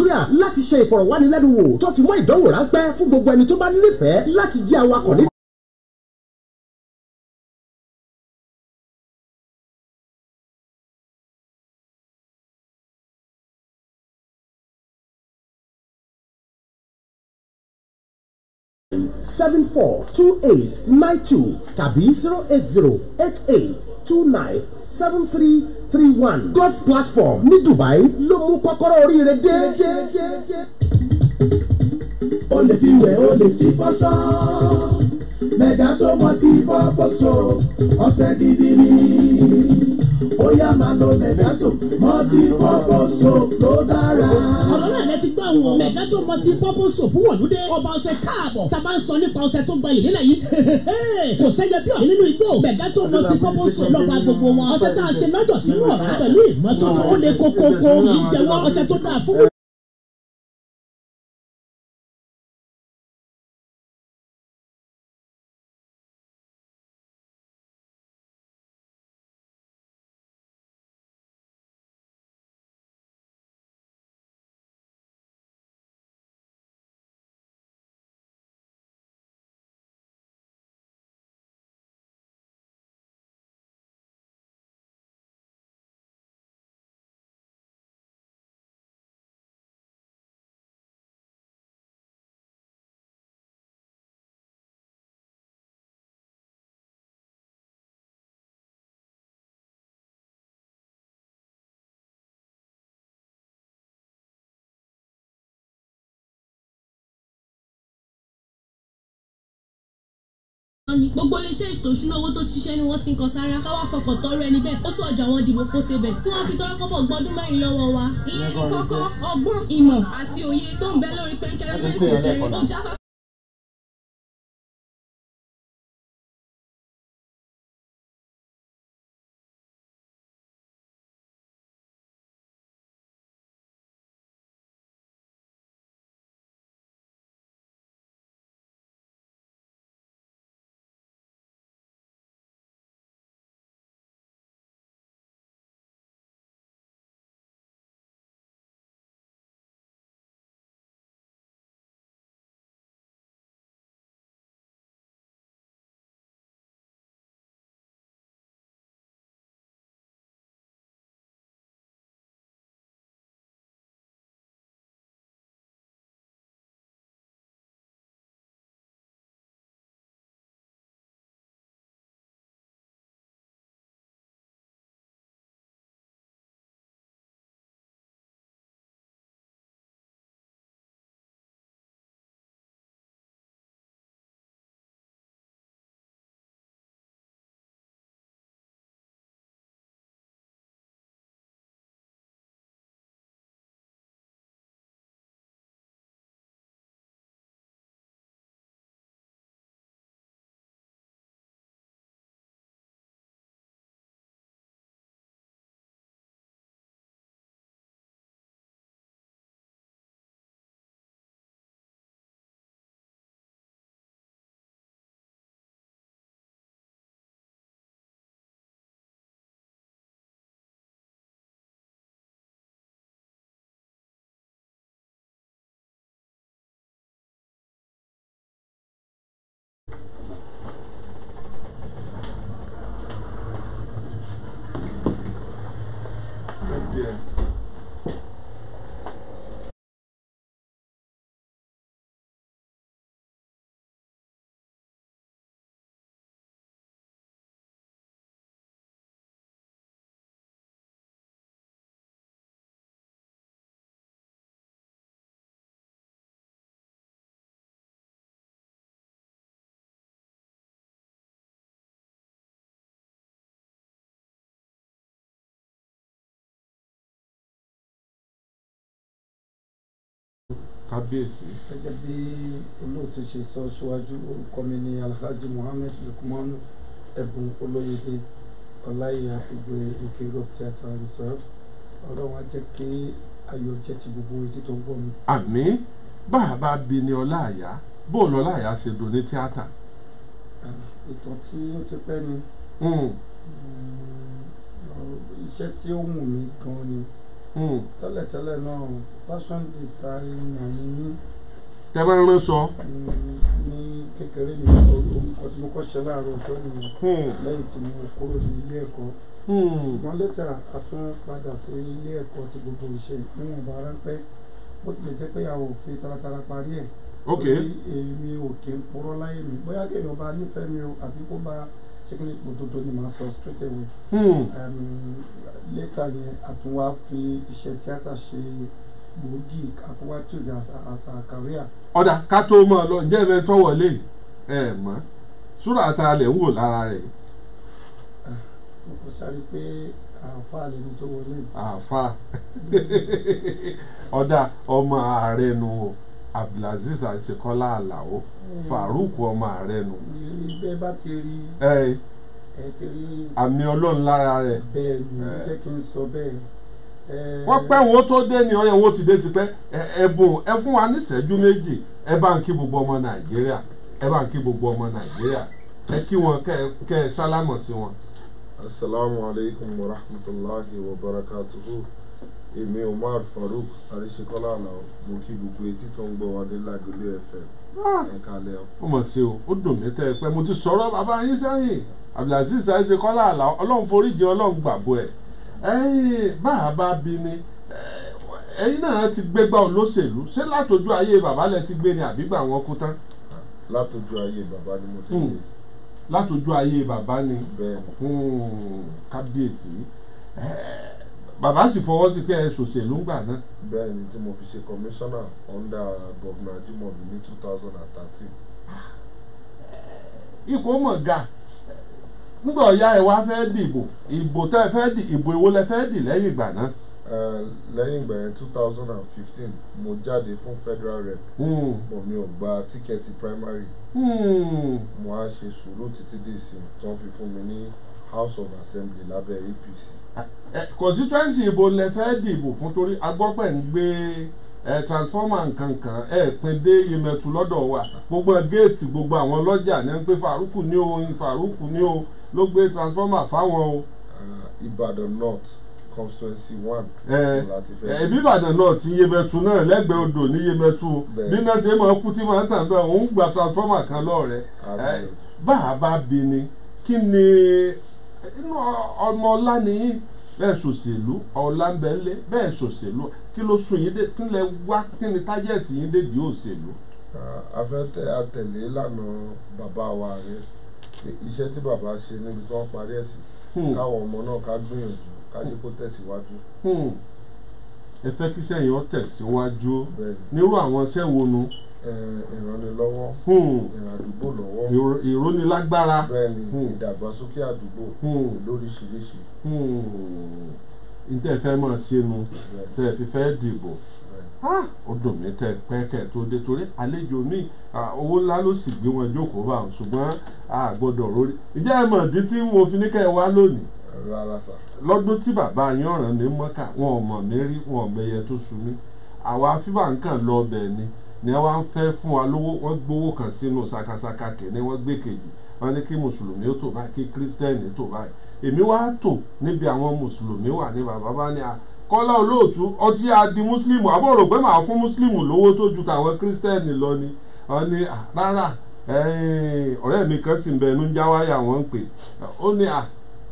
nàìjíríà láti ṣe ìfọ̀rọ̀wánilẹ́nuwò tó fi mọ́ ìdánwò ráńpẹ́ fún gbogbo ẹni tó bá nífẹ̀ẹ́ láti jẹ́ awakọ̀ ní. seven four two eight nine two tàbí zero eight zero eight eight two nine seven three three one golf platform ní Dubai ló mú kọ́kọ́rọ́ oríire dé. o lè fi wẹ̀ o lè fi fọṣọ mẹ́gà tó mọ ti bọ́ bọ́ṣọ ọ̀sẹ̀ gidi ni bóyá máa lo mẹ̀gátò mọ́tì pọ́pọ́ soap ló dára. ọ̀rọ̀ náà lẹ ti gbọ́ àwọn mẹ̀gátò mọ́tì pọ́pọ́ soap wọ̀lúdé ọba ọṣẹ káàbọ̀ tàbá ń sọ nípa ọṣẹ tó gbayì nílẹ̀ yìí (laughs) kò sẹ́yẹ bí ọ̀hún nínú igbó mẹ̀gátò mọ́tì pọ́pọ́ soap lọ́ba gbogbo wọn ọṣẹ tá a ṣe lọ́jọ́ sínú ọ̀rá pẹ̀lú ìmọ́tótó ó le kókókó ìjẹ́wọ́ ọṣẹ tó dáa fún ni gbogbo iléeṣẹ́ ètò ìṣúná owó tó ṣiṣẹ́ ni wọ́n ti ń kan sára káwá fọkàn tọrọ ẹni bẹ́ẹ̀ ó sọ ọjà wọn dìbò kó ṣe bẹ̀ tí wọ́n fi tọrọ kọ́bọ̀ gbọ́dún mẹ́rin lọ́wọ́ wa. ìyẹn kọ́kọ́ ọgbọ́n ìmọ̀ àti òye tó ń bẹ lórí pẹ́ńkẹ́rẹ́ mẹ́sì kábíyèsí. gẹ́gẹ́ bí olóòtú ṣe sọ síwájú orúkọ mi ni alhaji muhammed lukumanu ẹ̀bùn olóyèdè ọláìyá ìgbé òkè rock theatre himself ọlọ́run á jẹ́ kí ayọ̀ jẹ́ ti gbogbo etí tó ń gbọ́ mi. àmín bá a bá bi ni ọláàyá bó lọ láàyà ṣe dùn ní tíátà. ìtàn tí ó ti pẹ́ ni hmm. Hmm, iṣẹ́ tí ó wù mí gan-an ni. Hmm. tẹ́lẹ̀tẹ́lẹ̀ náà fashion designer ni mí. tẹ́ bá rán sọ. ní kékeré mi orúkọ tí mo kọ́ ṣe láàárọ̀ ọjọ́ nìyẹn hmm. lẹ́yìn tí mo kúrò ní ilé ẹ̀kọ́ wọ́n hmm. lẹ́tà àtún padà sí ilé ẹ̀kọ́ ti gbogbo ìṣe níwọ̀n bá ráńpẹ́ bó tilẹ̀ jẹ́ pé àwọn òfin taratara parí ẹ̀. ok èmi ò kí ń purọ́ láyé mi bóyá kéèyàn bá nífẹ̀ẹ́ mi o àbí kó bá ṣé pé òdodo ni màá sọ straight away. létà yẹn àtúnwá fi iṣẹ́ tíátà ṣe gbòógì àkúwá choose as a as a career. ọ̀dà ká tó mọ̀ ọ lọ ǹjẹ́ ẹ tọ́ wọlé ẹ mọ̀ ṣúra àtàlẹ̀ ń wò lára rẹ̀. mo kò sáré pé àáfàá lẹni tó wọlé. àáfàá (laughs) ọ̀dà ọmọ ààrẹ nù o abdulaziz àṣekọ́lá àlàó hmm. farouk ọmọ ààrẹ nù. ìbẹ́ bá ti rí àmì ọlọ́run lára rẹ̀. bẹ́ẹ̀ ni jẹ́ kí n sọ bẹ́ẹ̀ wọ́n pẹ́ wọn tó dé ni ọyẹ wọn ti dé ti pẹ́ ẹ̀bùn ẹ fún wa ní ìṣẹ́jú méjì ẹ bá ń kí gbogbo ọmọ nàìjíríà ẹ bá ń kí gbogbo ọmọ nàìjíríà ẹ kí wọn kẹ ẹ sálámọ̀ sí wọn. asalaamualeykum wa rahmatulahi wa barakatuhu èmi Umar Farouk Aríṣekọ́lá Àlàó mo kí gbogbo etí tó ń gbọ́ wa ní Lágolé FM ah! ẹ̀ka lẹ́ ọ. ó mọ̀ sí o ó dùn mí tẹ́ ẹ pẹ́ mo ti sọ̀rọ̀ bàbá yín sẹ́yìn Abdulaziz Aríṣekọ́lá Àlàó ọlọ́run foríjì ọlọ́run gbàgbọ́ ẹ̀ ẹ̀yìn bàbá bí ni ẹ̀yin náà ti gbégbá olóṣèlú ṣé látọjú ayé bàbá lẹ ti gbé ni àbí gbà wọn kú tán. látọjú ayé bàbá ni mo ti hmm. gbé. látọjú ayé bàbá ni hmm, kábíyèsí. Eh, bàbá sì fọwọ́ sí pé ẹ ṣòṣèlú ń gbà náà. bẹ́ẹ̀ ni tí mo fi ṣe kọmíṣánná under gọ́vnà Ajimobi ní two thousand and thirteen. Ah, ipò mọ̀ ga nígbà ọ̀ya ẹ̀ wá fẹ́ dìbò ìbò tẹ́ ẹ fẹ́ dì ìbò èwo lẹ fẹ́ dì lẹ́yìn ìgbà náà. lẹ́yìn ìgbà yẹn two thousand and fifteen mo jáde fún federal rep hmm. bọ̀ mi ò gba tíkẹ́ẹ̀tì primary hmm. mo á ṣe sùúrù títí dé ìsìn tó ń fi fún mi ní house of assembly lábẹ́ APC. Eh, constituency ìbò lẹ fẹ́ dìbò fún torí agbọ́pẹ̀ ń gbé ẹ transformer nkankan ẹ pin dé Yemẹtu lọ́dọ̀ wa gbogbo géètì gbogbo àwọn lọ́jà ní pé Faruku ní o Faruku ní o ló gbé transformer fáwọn o. Eh, Ìbàdàn north constituency one. ẹbí eh, Ìbàdàn north Yemẹtu náà lẹ́gbẹ̀ẹ́ odò ní Yemẹtu bí náà ṣe máa kú tí máa ń tàn bẹ́ẹ̀ òun gba transformer kan lọ́ọ̀rẹ́ bá a bá bi ni kí ni inú ọmọ ọlá nìyí bẹ́ẹ̀ ṣòṣèlú ọ̀làǹbẹ̀lẹ̀ bẹ́ẹ̀ ṣòṣèlú kí ló sún yín dé kí lẹ wá kí ni tájẹ́ẹ̀tì yín dé di òṣèlú. afẹ́tẹ́ àtẹ̀lé ìlànà bàbá wa rẹ iṣẹ́ tí bàbá ṣe níbi tí wọ́n parí ẹ̀ sí hmm. káwọn ọmọ náà ká gbìyànjú ká jẹ́ kó tẹ̀síwájú. Hmm. ẹ fẹ́ kí sẹ́yìn ọ tẹ̀síwájú nírú àwọn sẹ́wọ̀n nu ìrànlélọ́wọ́ hmm. ìràdúgbò lọ́wọ́ ìrónilágbára bẹ́ẹ̀ni hmm. ìdàgbàsókè àdúgbò hmm. lóríṣiríṣi. ntẹ́ fẹ́ máa ṣẹnu tẹ́ fi fẹ́ dìbò ó dùn mí tẹ́ pẹ́kẹ́ tó dé torí àlejò mi owó ńlá ló sì gbé wọn jókòó bá wọn ṣùgbọ́n a gbọ́dọ̀ rórí ìjẹ́ ẹ mọ̀ ìdí tí mo fi ní kẹ́ ẹ wá lónìí lọ́dún tí bàbá yín ọ̀ràn ní mọ́kà wọn ò mọ̀ mí rí wọn ò mẹyẹ tó sú mi àwa fífà ń kàn lọ ọbẹ̀ ni ni wọ́n ń fẹ́ fún wa lówó wọ́n gbówó kan sínú sakasaka kìíní wọ́n gbé kejì wọ́n ní kí mùsùlùmí ó tò báyìí kí kírísítẹ́nì tó báyìí èmi wá tò níbi àwọn mùsùlùmí wà ní bàbá bá ní a kọ́lá olóòtú ọtí adi mùsùlùmù àbọ̀ rò pé màá fún mùsùlùmù lówó tó ju tàwọn kírísítẹ́nì lọ ni wọ́n ní rárá ọ̀rẹ́ mi kan sì ń bẹnu ń jáwáyà wọ́n ń pè ó ní à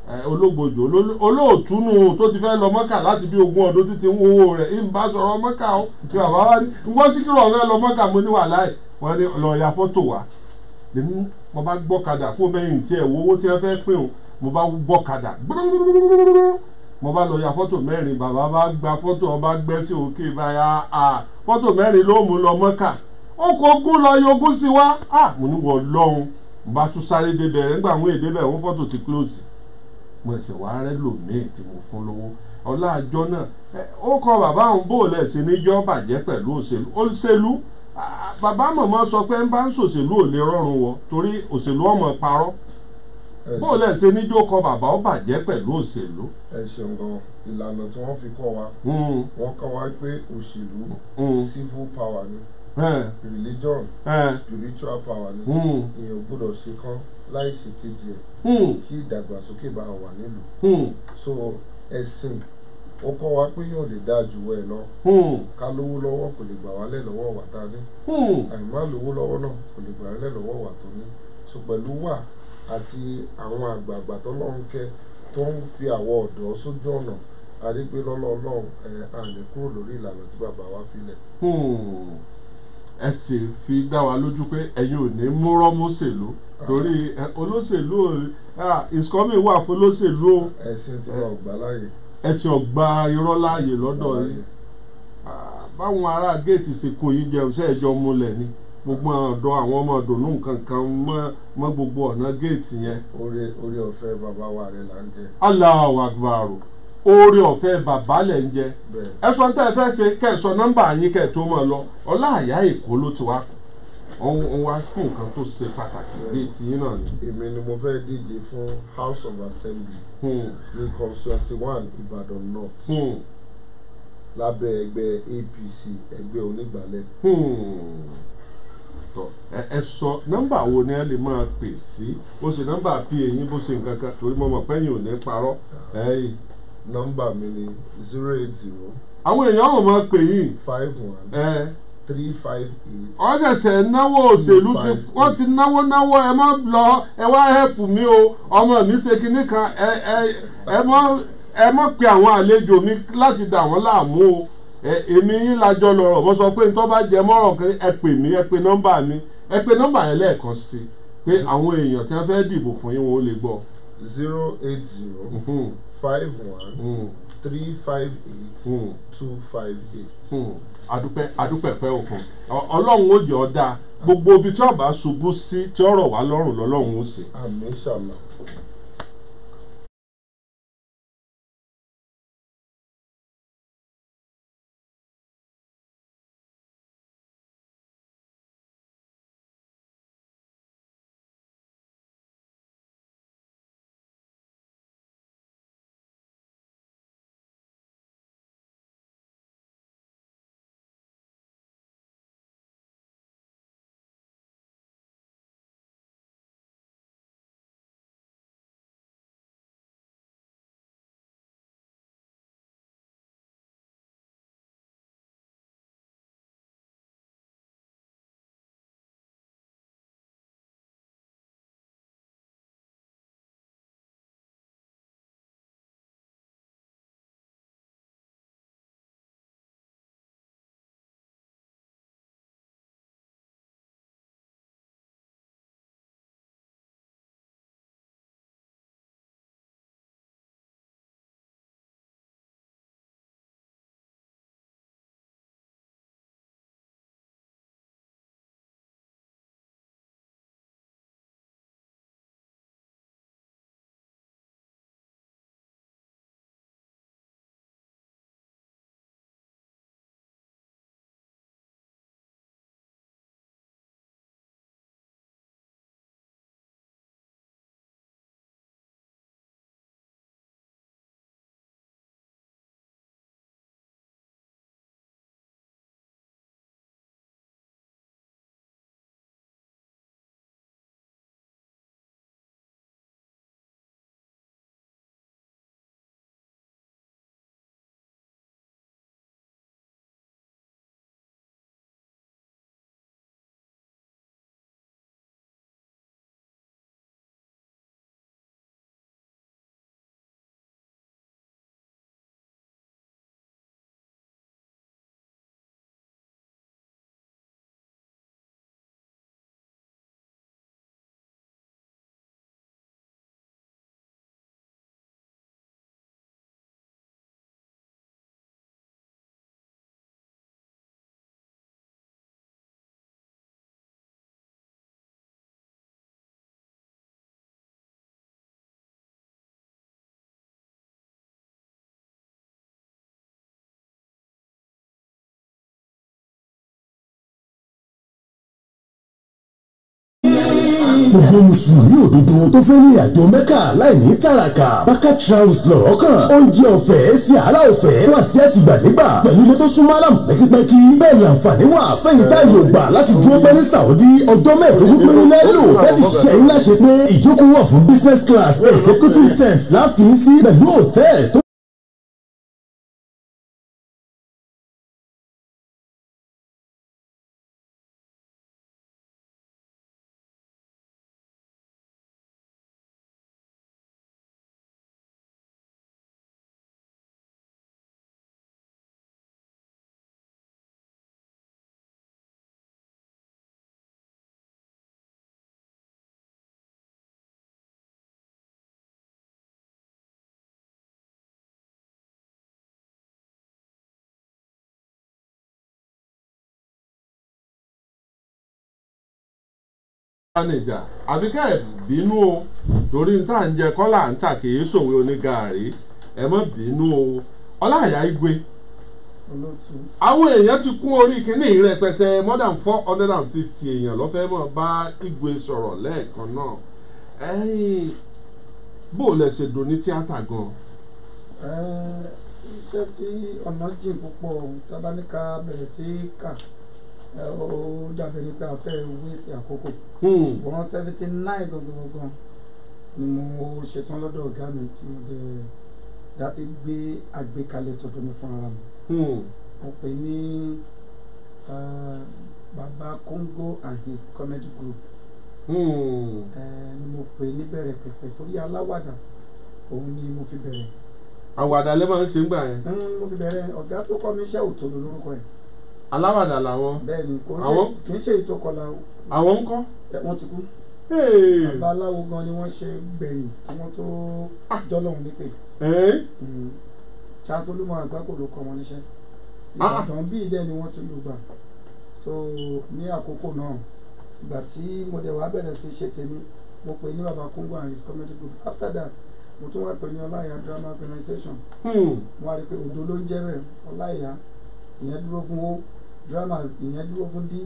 Eh, ológbòjò olóòtúnú tó ti fẹ́ lọ mọ́kà láti bí ogún ọdún títí ń wowó rẹ̀ ń bá sọ̀rọ̀ mọ́kà ó ti bàbá wa ní ń wọ́n síkírò ọ̀rẹ́ lọ mọ́kà mo ní wàhálà ẹ̀ wọ́n ní lọ́ọ̀yà fọ́tò wa lèmi mo bá gbọ́kadà fún bẹ́yìn tí ẹ̀ wo owó tí wọ́n fẹ́ pè ó mo bá gbọ́kadà mo bá lọ ya fọ́tò mẹ́rin bàbá bá gba fọ́tò ọba gbẹ́ sí òkè báyà á fọ́tò mẹ́rin ló mú lọ mọ́kà ó kó ogún lọ yogún sí wa mo ní wọ́n lọ́hùn mo bá tún sáré débẹ̀ rẹ̀ nígbà àwọn èdè bẹ̀ wọ́n fọ́tò ti close mo ẹ̀sẹ̀ wá rẹ́ lòmíì tí mo fún lówó ọlá àjọ náà ó kọ bàbá òun bò lẹ́sìn níjọ́ bàjẹ́ pẹ̀lú òṣèlú òṣèlú bàbá mọ̀mọ́ sọ pé ń bá ń ṣòṣèlú ò lè rọrùn wọ torí òṣèlú ọmọ parọ́ bó lẹ̀ ṣe níjó kọ bàbá ó bàjẹ́ pẹ̀lú òṣèlú. ẹ ṣeun gan ìlànà tí wọ́n fi kọ́ wa hmm. wọ́n kọ́ wa pé òṣèlú hmm. civil power ni religion spiritual power ni hmm. èèyàn gbọ́dọ̀ ṣe kán láìsí kejì ẹ̀ hmm. kí ìdàgbàsókè bá wà nílùú hmm. so ẹ̀sìn ó kọ́ wa pé yóò lè dáa jù ẹ lọ hmm. ká lówó lọ́wọ́ kò lè gbà wálẹ̀ lọ́wọ́ wà tá a ní àìmá lówó lọ́wọ́ náà kò lè gbà wálẹ̀ lọ́wọ́ wà tó ní so pẹ̀lú wà àti àwọn àgbààgbà tó lọ́n kẹ́ tó ń fi àwọn ọ̀dọ́ sójú ọ̀nà arígbélọ́lọ́ ọlọ́run ẹ̀ àlékúrò lórí ìlànà tí bàbá wa fi lẹ̀ ẹ sì fi dá wa lójú pé ẹ̀yin ò ní múrọ́ mọ́sèlú torí olóṣèlú is coming wà fún olóṣèlú o ẹ̀sìn tí wọ́n gbà láàyè ẹ̀sìn ọ̀gbà irọ́ láàyè lọ́dọ̀ yìí báwọn ará géètì ṣe kó yìí jẹun ṣe ẹjọ́ múlẹ̀ ni gbogbo ọ̀dọ́ àwọn ọmọ ọ̀dùnnú kankan mọ́ gbogbo ọ̀nà géètì yẹn. oore oore ọ̀fẹ́ bàbá wa rẹ̀ là ń jẹ. Allahu Akbar oore ọ̀fẹ́ bàbá lẹ̀ ń jẹ ẹ sọ tẹ́ ẹ fẹ́ ṣe kẹsọ nọ́mbà yín kẹ́ tó mọ̀ lọ ọlá àyà èkó ló ti wá òun wá fún nǹkan tó ṣe pàtàkì bíi tiyín náà ni. èmi ni mo fẹ́ díje fún House of Assembly hmm. ní constituency one Ìbàdàn North hmm. lábẹ́ ẹgbẹ́ APC ẹgbẹ́ onígbàlẹ̀. Hmm. ẹ sọ nọ́mbà wo ni ẹ lè máa pè sí o ṣe nọ́mbà pa yín bó ṣe nǹkan kan torí mo mọ̀ pé ò ní parọ́ ah. ẹ̀yìn. nọ́mbà mi ni zero eight zero. àwọn èèyàn ò mọ pè yín. five one. three five eight. wọ́n náwó òṣèlú ti náwó náwó ẹ lọ ẹ help mi o ọmọ mi ṣe kinní kan ẹ ẹ ẹ mọ ẹ mọ mi láti dà wọ́n láàmú o èmi yín lajọ lọrọ mo sọ pé n tó bá jẹ mọ́rọ̀ kan ẹ pè mí ẹ pe nọ́mbà mi ẹ pe nọ́mbà yẹn lẹ́ẹ̀kan sí i pé àwọn èèyàn tí five one hmm. three five eight hmm. two five eight. Hmm. adúpẹ́ adúpẹ́ pẹ́ òkun ọlọ́run ó yọ̀ ọ́ da, gbogbo ibi tí ọba ṣubú sí tí ọ̀rọ̀ wà lọ́rùn lọ́lọ́run ó ṣe. àmín ṣàmà. gbogbo mùsùlùmí òdodo tó fẹ́ ní ìrìnàjò mẹ́kà láì ní tàràkà baka traus lọ̀rọ̀ kan oúnjẹ ọ̀fẹ́ sí àárá ọ̀fẹ́ wà sí àtìgbàdégbà pẹ̀lú ilé tó súnmọ́ alámù pẹ́kípẹ́kí bẹ́ẹ̀ ni àǹfààní wà fẹ́yìn táyò gbà láti dúró pẹ́ ní Saudi ọjọ́ mẹ́ẹ̀ẹ́dógún péré lẹ́lò bẹ́ẹ̀ sì ṣe ńlá ṣe pé ìjókòó wà fún business class executive tent láàfin sí pẹ̀lú hòtẹ́ẹ̀ tó nìjà àbí ká ẹ bínú o torí n tá à ń jẹ kọ́là ń tà kì í ṣòwe onígàárí ẹ bínú o ọláyà igwe àwọn èèyàn ti kún orí kínní rẹpẹtẹ more than four hundred and fifty èèyàn lọ́fẹ́ mọ̀ bá igwe sọ̀rọ̀ lẹ́ẹ̀kan náà ẹ̀yìn bó lẹ ṣe dùn ní tíátà gan. iṣẹ́ tí ọ̀nà jìn púpọ̀ tábánikà bẹ̀rẹ̀ sí kà ó dàbí ni pé a fẹ́ waste àkókò hmm. ṣùgbọ́n seventy nine gangan ni mo ṣetán lọ́dọ̀ ọ̀gá mi tí mo dẹ̀ dátí gbé àgbékalẹ̀ tọ̀dọ̀ mi fúnra mi hmm. mo pè ní baba Congo and his comedy group hmm. ni mo pè ní bẹ̀rẹ̀ pẹ̀pẹ̀ torí aláwàdà òun ni mo fi bẹ̀rẹ̀. àwàdà lè máa ń ṣe ń gbà yẹn. mo fi bẹ̀rẹ̀ ọ̀gá tó kọ́ mi iṣẹ́ òtò lórúkọ yẹn aláwàdà làwọn àwọn kì í ṣe ìtòkọlà o àwọn ń kọ́ wọ́n ti kú bàbá aláwo gan ni wọ́n ṣe gbẹ̀yìn kí wọ́n tó ah! jọlọ́run nípè hmm. Charles Olúmọ Àgbákò ló kọ́ wọn níṣẹ́ ah! ìbàdàn bíi dẹ́ ni wọ́n ti lù gbà so ní àkókò náà ìgbà tí mo dẹ̀ wá bẹ̀rẹ̀ sí ṣe tèmi mo pè ní baba Kongwa and his comedy group after that mo tún wá pè ní ọláyà drama organization hmm. mo wá rí i pé òdo ló ń jẹ́ bẹ́ẹ̀ ọláyà ìyẹn dúró fún ó drama ìyẹn dúró fún dí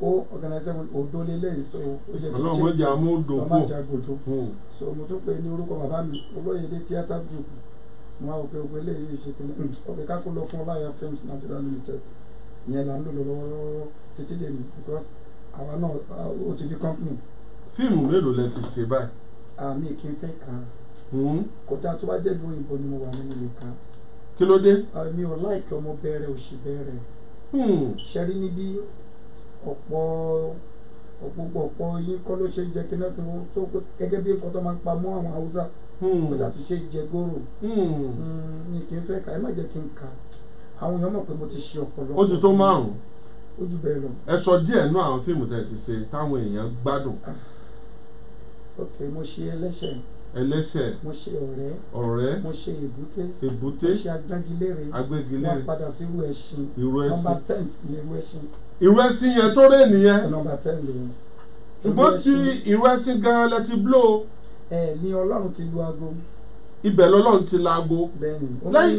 ó organisation odò lélẹ́yìn so ó jẹ́ kí jẹ́ ọjà amódò kò ọmọ àjàgòdò hmm. so mo tún pè ní orúkọ bàbá mi olóyèdè theatre group mo á wò pé ogun eléyìí ṣe kí ni ọkẹ hmm. kákó lọ fún ọláyà films Nigeria limited ìyẹn là ń lò lọ́wọ́lọ́wọ́ títí lè mi because àwa náà uh, ó ti di company. fíìmù mélòó lẹ ti ṣe báyìí. àmì kì í fẹ́ kàn án kódà tó bá jẹ́ ìlú òyìnbó ni mo wà nínú ìlú kan. kí ló dé. Uh, mi ò láìkí ọmọ bẹ̀rẹ̀ òṣì bẹ̀rẹ̀. Hmm, ṣẹ́rí níbí ọ̀pọ̀ ọ̀pọ̀ ọ̀pọ̀ yín kọ́ ló ṣe jẹ́ kíná tó tó gẹ́gẹ́ bí nǹkan tó máa ń pa mọ́ àwọn haúsá ọjà hmm. ti ṣe jẹ góòrò ní kí n fẹ́ kà ẹ má jẹ́ kí n kà àwọn èèyàn mọ̀ pé mo ti ṣe ọ̀pọ̀lọpọ̀. ó ti tó márùn-ún ó jù bẹ́ẹ̀ lọ. ẹ sọ díẹ̀ nú àwọn fíìmù tẹ̀ ti ṣe táwọn èèyàn gbádùn. Ah, ok mo ṣe ẹlẹ́ṣẹ̀ ẹlẹ́ṣẹ̀ mo ṣe ọ̀rẹ́ ọ̀rẹ́ mo ṣe èbúté èbúté mo ṣe agbẹ́gilére agbẹ́gilére wọ́n padà sí irú ẹṣin irú ẹṣin nọ́mbà ten ni irú ẹṣin. irú ẹṣin yẹn tó rẹ̀ nìyẹn. nọ́mbà ten lòun. ṣùgbọ́n ti irú ẹṣin gan-an lẹ ti blow. ẹ ní ọlọ́run ti lu aago ibẹ̀ lọ́lọ́run ti laago. bẹ́ẹ̀ni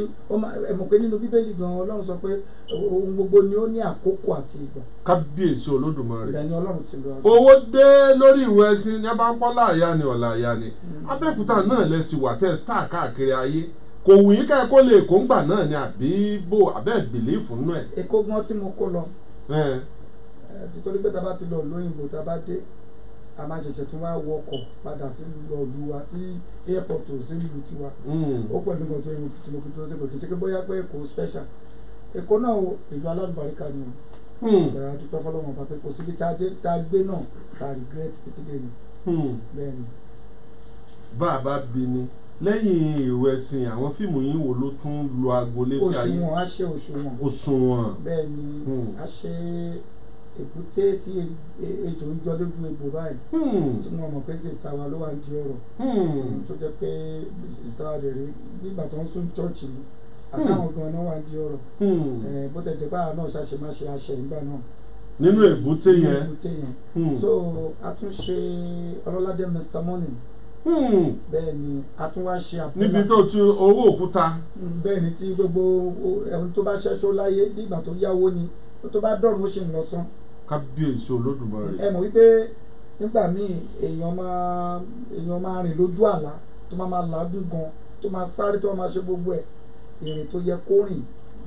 ẹ mọ̀ pé nínú bíbélì gan ọlọ́run sọ pé ohun gbogbo ni ó ní àkókò àti ìgbà. kábíyèsí olódùmarè ìgbà ni ọlọ́run ti lọ. owó dé lórí ìwé ẹṣin ní abá ń pọ́ láàyà ni ọ̀làyà ni hmm. abẹ́òkúta náà lẹ sì wà tẹ́ star káàkiri ayé kò wù yín káyọ̀ kó lè kó ń gbà náà ni àbí bò abẹ́ ìbìlẹ̀ fún náà. èkó gan tí mo kó lọ. títorí pé a máa ṣẹ̀ṣẹ̀ tún wá wọkọ̀ padà sí ọ̀lú wa tí airport ò sí ìlú tiwa hmm. ó pẹ̀lú nǹkan tó yẹ tí mo fi dúró sípò kì pé bóyá pé Èkó special Èkó náà o ìlú alálùbáríkà ni o hmm. bẹ̀rẹ̀ àdúpẹ́ fọlọ́wọ́n bá pé kò síbi tá a gbé náà tá a regret títí dé ni hmm. bẹ́ẹ̀ ni. bá a bá bí ni lẹ́yìn ìwẹ̀ ẹ̀sìn àwọn fíìmù yìí wò ló tún lu agboolé tí a yẹ òṣùwọ̀n a ṣe òṣùwọ̀n òṣùwọ̀n bẹ́ẹ̀ ni a ṣe èbúté tí e, e, ejò ń jọ lójú egbò báyìí hmm. tí wọ́n mọ̀ pé sista wa ló wà ń di ọ̀rọ̀ hmm. tó jẹ́ pé sista wa rẹ̀ rí nígbà tó ń sún chọ́ọ̀chì ni hmm. àtàwọn gan náà wà ń di ọ̀rọ̀ bó tẹ̀ jẹ́ pé àwọn náà ṣàṣe má ṣe àṣẹ ìgbà náà. nínú èbúté yẹn so a tún ṣe ọlọ́ládé Mr Money bẹ́ẹ̀ ni a tún wá ṣe àpò níbi tó ti owó òkúta. bẹ́ẹ̀ ni tí gbogbo ẹni tó bá ṣẹ́ṣọ́ láyé nígbà tó yáwó ni tó bá dọ̀rùn ó ṣe ń lọ sán. kábíyèsí olódùmarè. ẹ mọ̀ wípé nígbà míì èèyàn máa èèyàn máa rìn lójú àlá tó máa máa làágùn gan tó máa sáré tó máa ṣe gbogbo ẹ̀ ìrìn tó yẹ kó rìn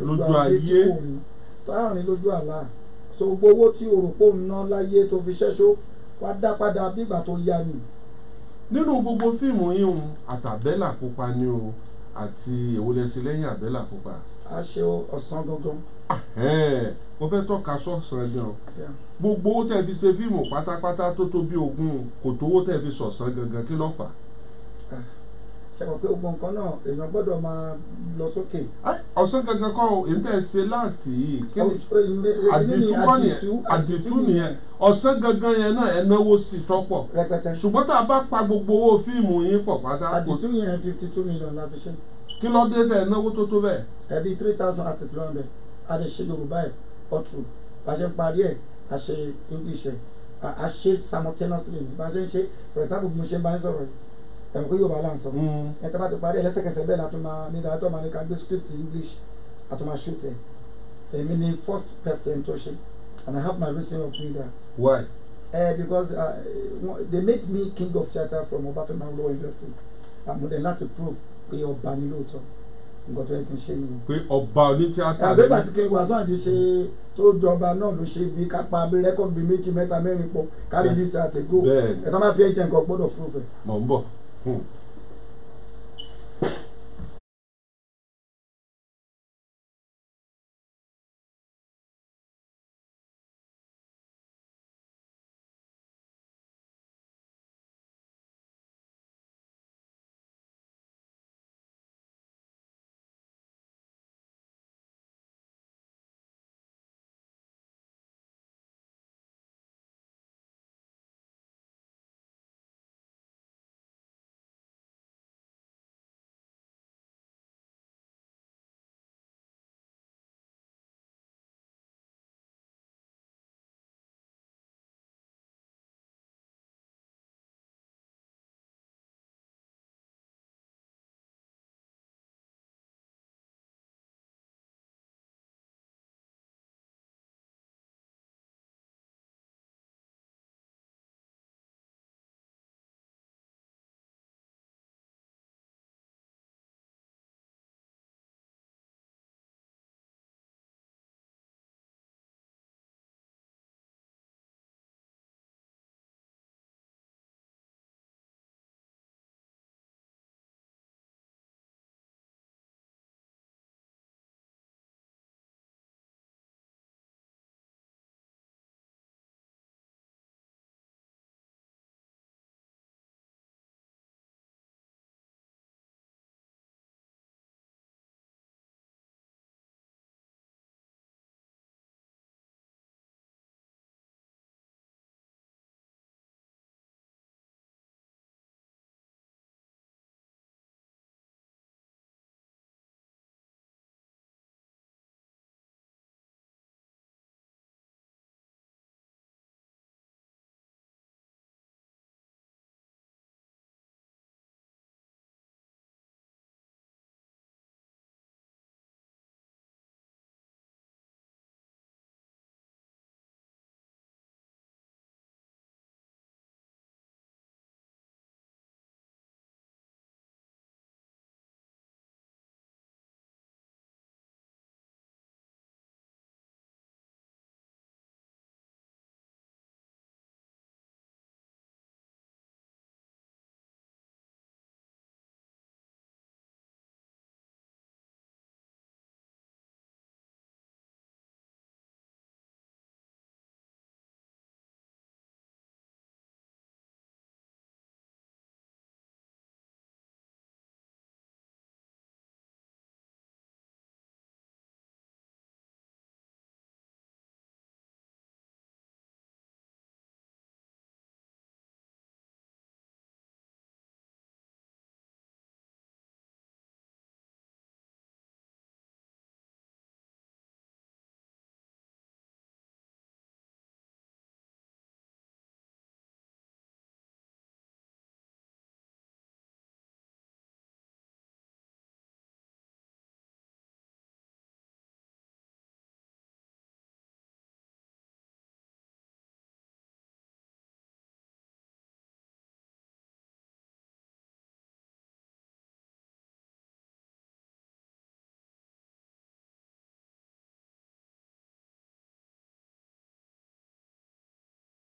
lójú ayé tí kò rìn tó á rìn lójú àlá so gbogbo owó tí o rò pé òun ná láyé tó fi ṣẹ́ṣó wá dá padà bígbà tó yá ni. nínú gbogbo fíìmù yín o àtàbẹ́là pupa ni o àti èwo lẹ ṣe lẹ́yìn àbẹ́là pupa. a ṣe ọ̀sán gangan mo fẹ́ tọ́ka sọ̀sán gan gbogbo owó tẹ̀ fi ṣe fíìmù pátápátá tó tó bí ogún kò tówó tẹ̀ fi sọ̀sán gangan kí ló fà á sẹ́wọ̀n ah. pé ogun nǹkan náà èèyàn gbọ́dọ̀ máa lọ sókè. ọ̀sán gangan kọ́ o èyí tẹ̀ ṣe láàsì yìí àdìtú kọ́ nìyẹn àdìtú nìyẹn ọ̀sán gangan yẹn náà ẹ náwó sí tọ́pọ̀ ṣùgbọ́n tá a bá pa gbogbo owó fíìmù yín pọ̀ pátá. àdìtú yẹn fifty two million la fi ṣe. kí ló dé tẹ̀ náwó tó tó bẹ́ẹ̀. ẹbí three thousand artists ló ń a lè ṣe yorùbá ẹ̀ ọ̀tún bá ṣe parí ẹ̀ a ṣe english ẹ̀ a ṣe simultaneously bá ṣe ń ṣe for example bí mo ṣe ń bá ń sọ̀rọ̀ yìí ẹ̀mí pé yorùbá là ń sọ hmm. ẹ̀ tá bá ti parí ẹ̀ lẹ́sẹ̀kẹsẹ̀ bẹ́ẹ̀ la tún máa ní dáadọ́ máa ní ká gbé script english a tún máa shoot ẹ̀ èmi ni first person tó ṣe and I have my reason of doing that. why. Uh, because uh, they made me king of theatre from Obafemi Awolowo University àmọ́ ah, dẹ̀ láti prove pé ọba ni lóòótọ́ nǹkan tó yẹ kí n ṣe yìí. pé ọba onítìátà lẹ́nu. àbẹ́bà tí kí n wá sọ́n àti ṣe tó jọba náà ló ṣe bí kápá bí rẹ́kọ̀dù bíi méjì mẹ́ta mẹ́rin pọ̀ kárí ní sàtẹ́gò ẹ̀ka máa fi ẹ̀jẹ̀ nǹkan gbọ́dọ̀ fún un fẹ́. mọ̀ ń bọ̀ fún hmm. un.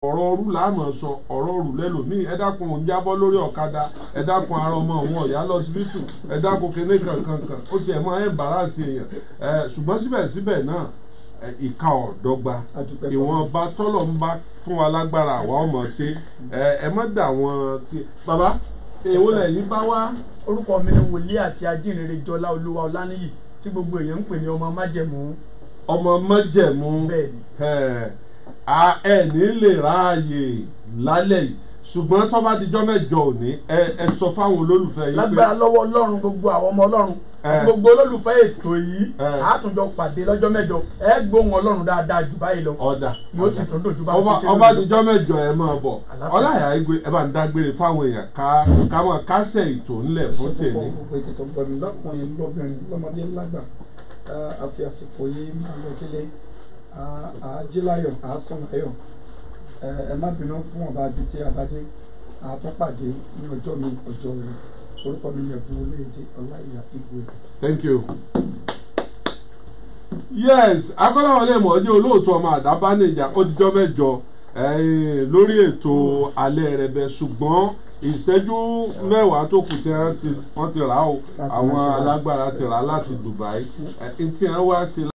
ọ̀rọ̀ ọrú láàmọ̀ sọ ọ̀rọ̀ ọrú lẹ́lòmíì ẹ dákun òun jábọ́ lórí ọ̀kadà ẹ ara ọmọ òun ọ̀yá lọ síbítù ẹ dákun kinní kankankan ó tiẹ̀ máa ń bàràǹsì èèyàn ẹ ṣùgbọ́n síbẹ̀síbẹ̀ náà ìka ọ̀dọ́gba ìwọ̀nba tọ́lọ̀ ń bá fún wa lágbára àwa ọmọ ṣe ẹ má dà wọ́n ti bàbá èwo lẹ́yìn bá wá. orúkọ mi ni wòlíì àti ajínrere jọlá olúwa ọlánìyí tí gbogbo èèyàn ń pè ní ọmọ májẹ̀mú. ọmọ májẹ̀mú. bẹ́ẹ̀ni a ní lè ráàyè lálẹ́ yìí ṣùgbọ́n tó bá dijọ́ mẹ́jọ òní ẹ ẹ sọ fáwọn olólùfẹ́ yìí pé lágbára lọ́wọ́ ọlọ́run gbogbo àwọn ọmọ ọlọ́run gbogbo olólùfẹ́ ètò yìí àtúnjọ pàdé lọ́jọ́ mẹ́jọ ẹ gbóhùn ọlọ́run dáadáa jù báyìí lọ ọ̀dà yóò sì tún dòjú bá ṣe ṣe lórí ọba dijọ́ mẹ́jọ ẹ máa bọ̀ ọláyà igbe ẹ bá ń dágbére fáwọn èèyàn ká ká kásẹ̀ ètò ńlẹ̀ fún tèmi. àfi àsìkò yìí àájíláyọ̀ àásùnmáyọ̀ ẹ má bínú fún ọba abití abadé àtúnpàdé ní ọjọ́ mi ọjọ́ rẹ orúkọ mi yẹ bu olóyèdè ọláìyá igwe. thank you. yes akọ́láwọlé mọ̀ ní olóòtú ọmọ àdábá nìyà ó ti jọ́ mẹ́jọ lórí ètò alẹ́ rẹ̀ bẹ́ẹ̀ ṣùgbọ́n ìṣẹ́jú mẹ́wàá tó kù tí wọ́n ti rà ó àwọn alágbára ti rà láti Dubai ẹ̀ ẹ̀ tí wá ṣe.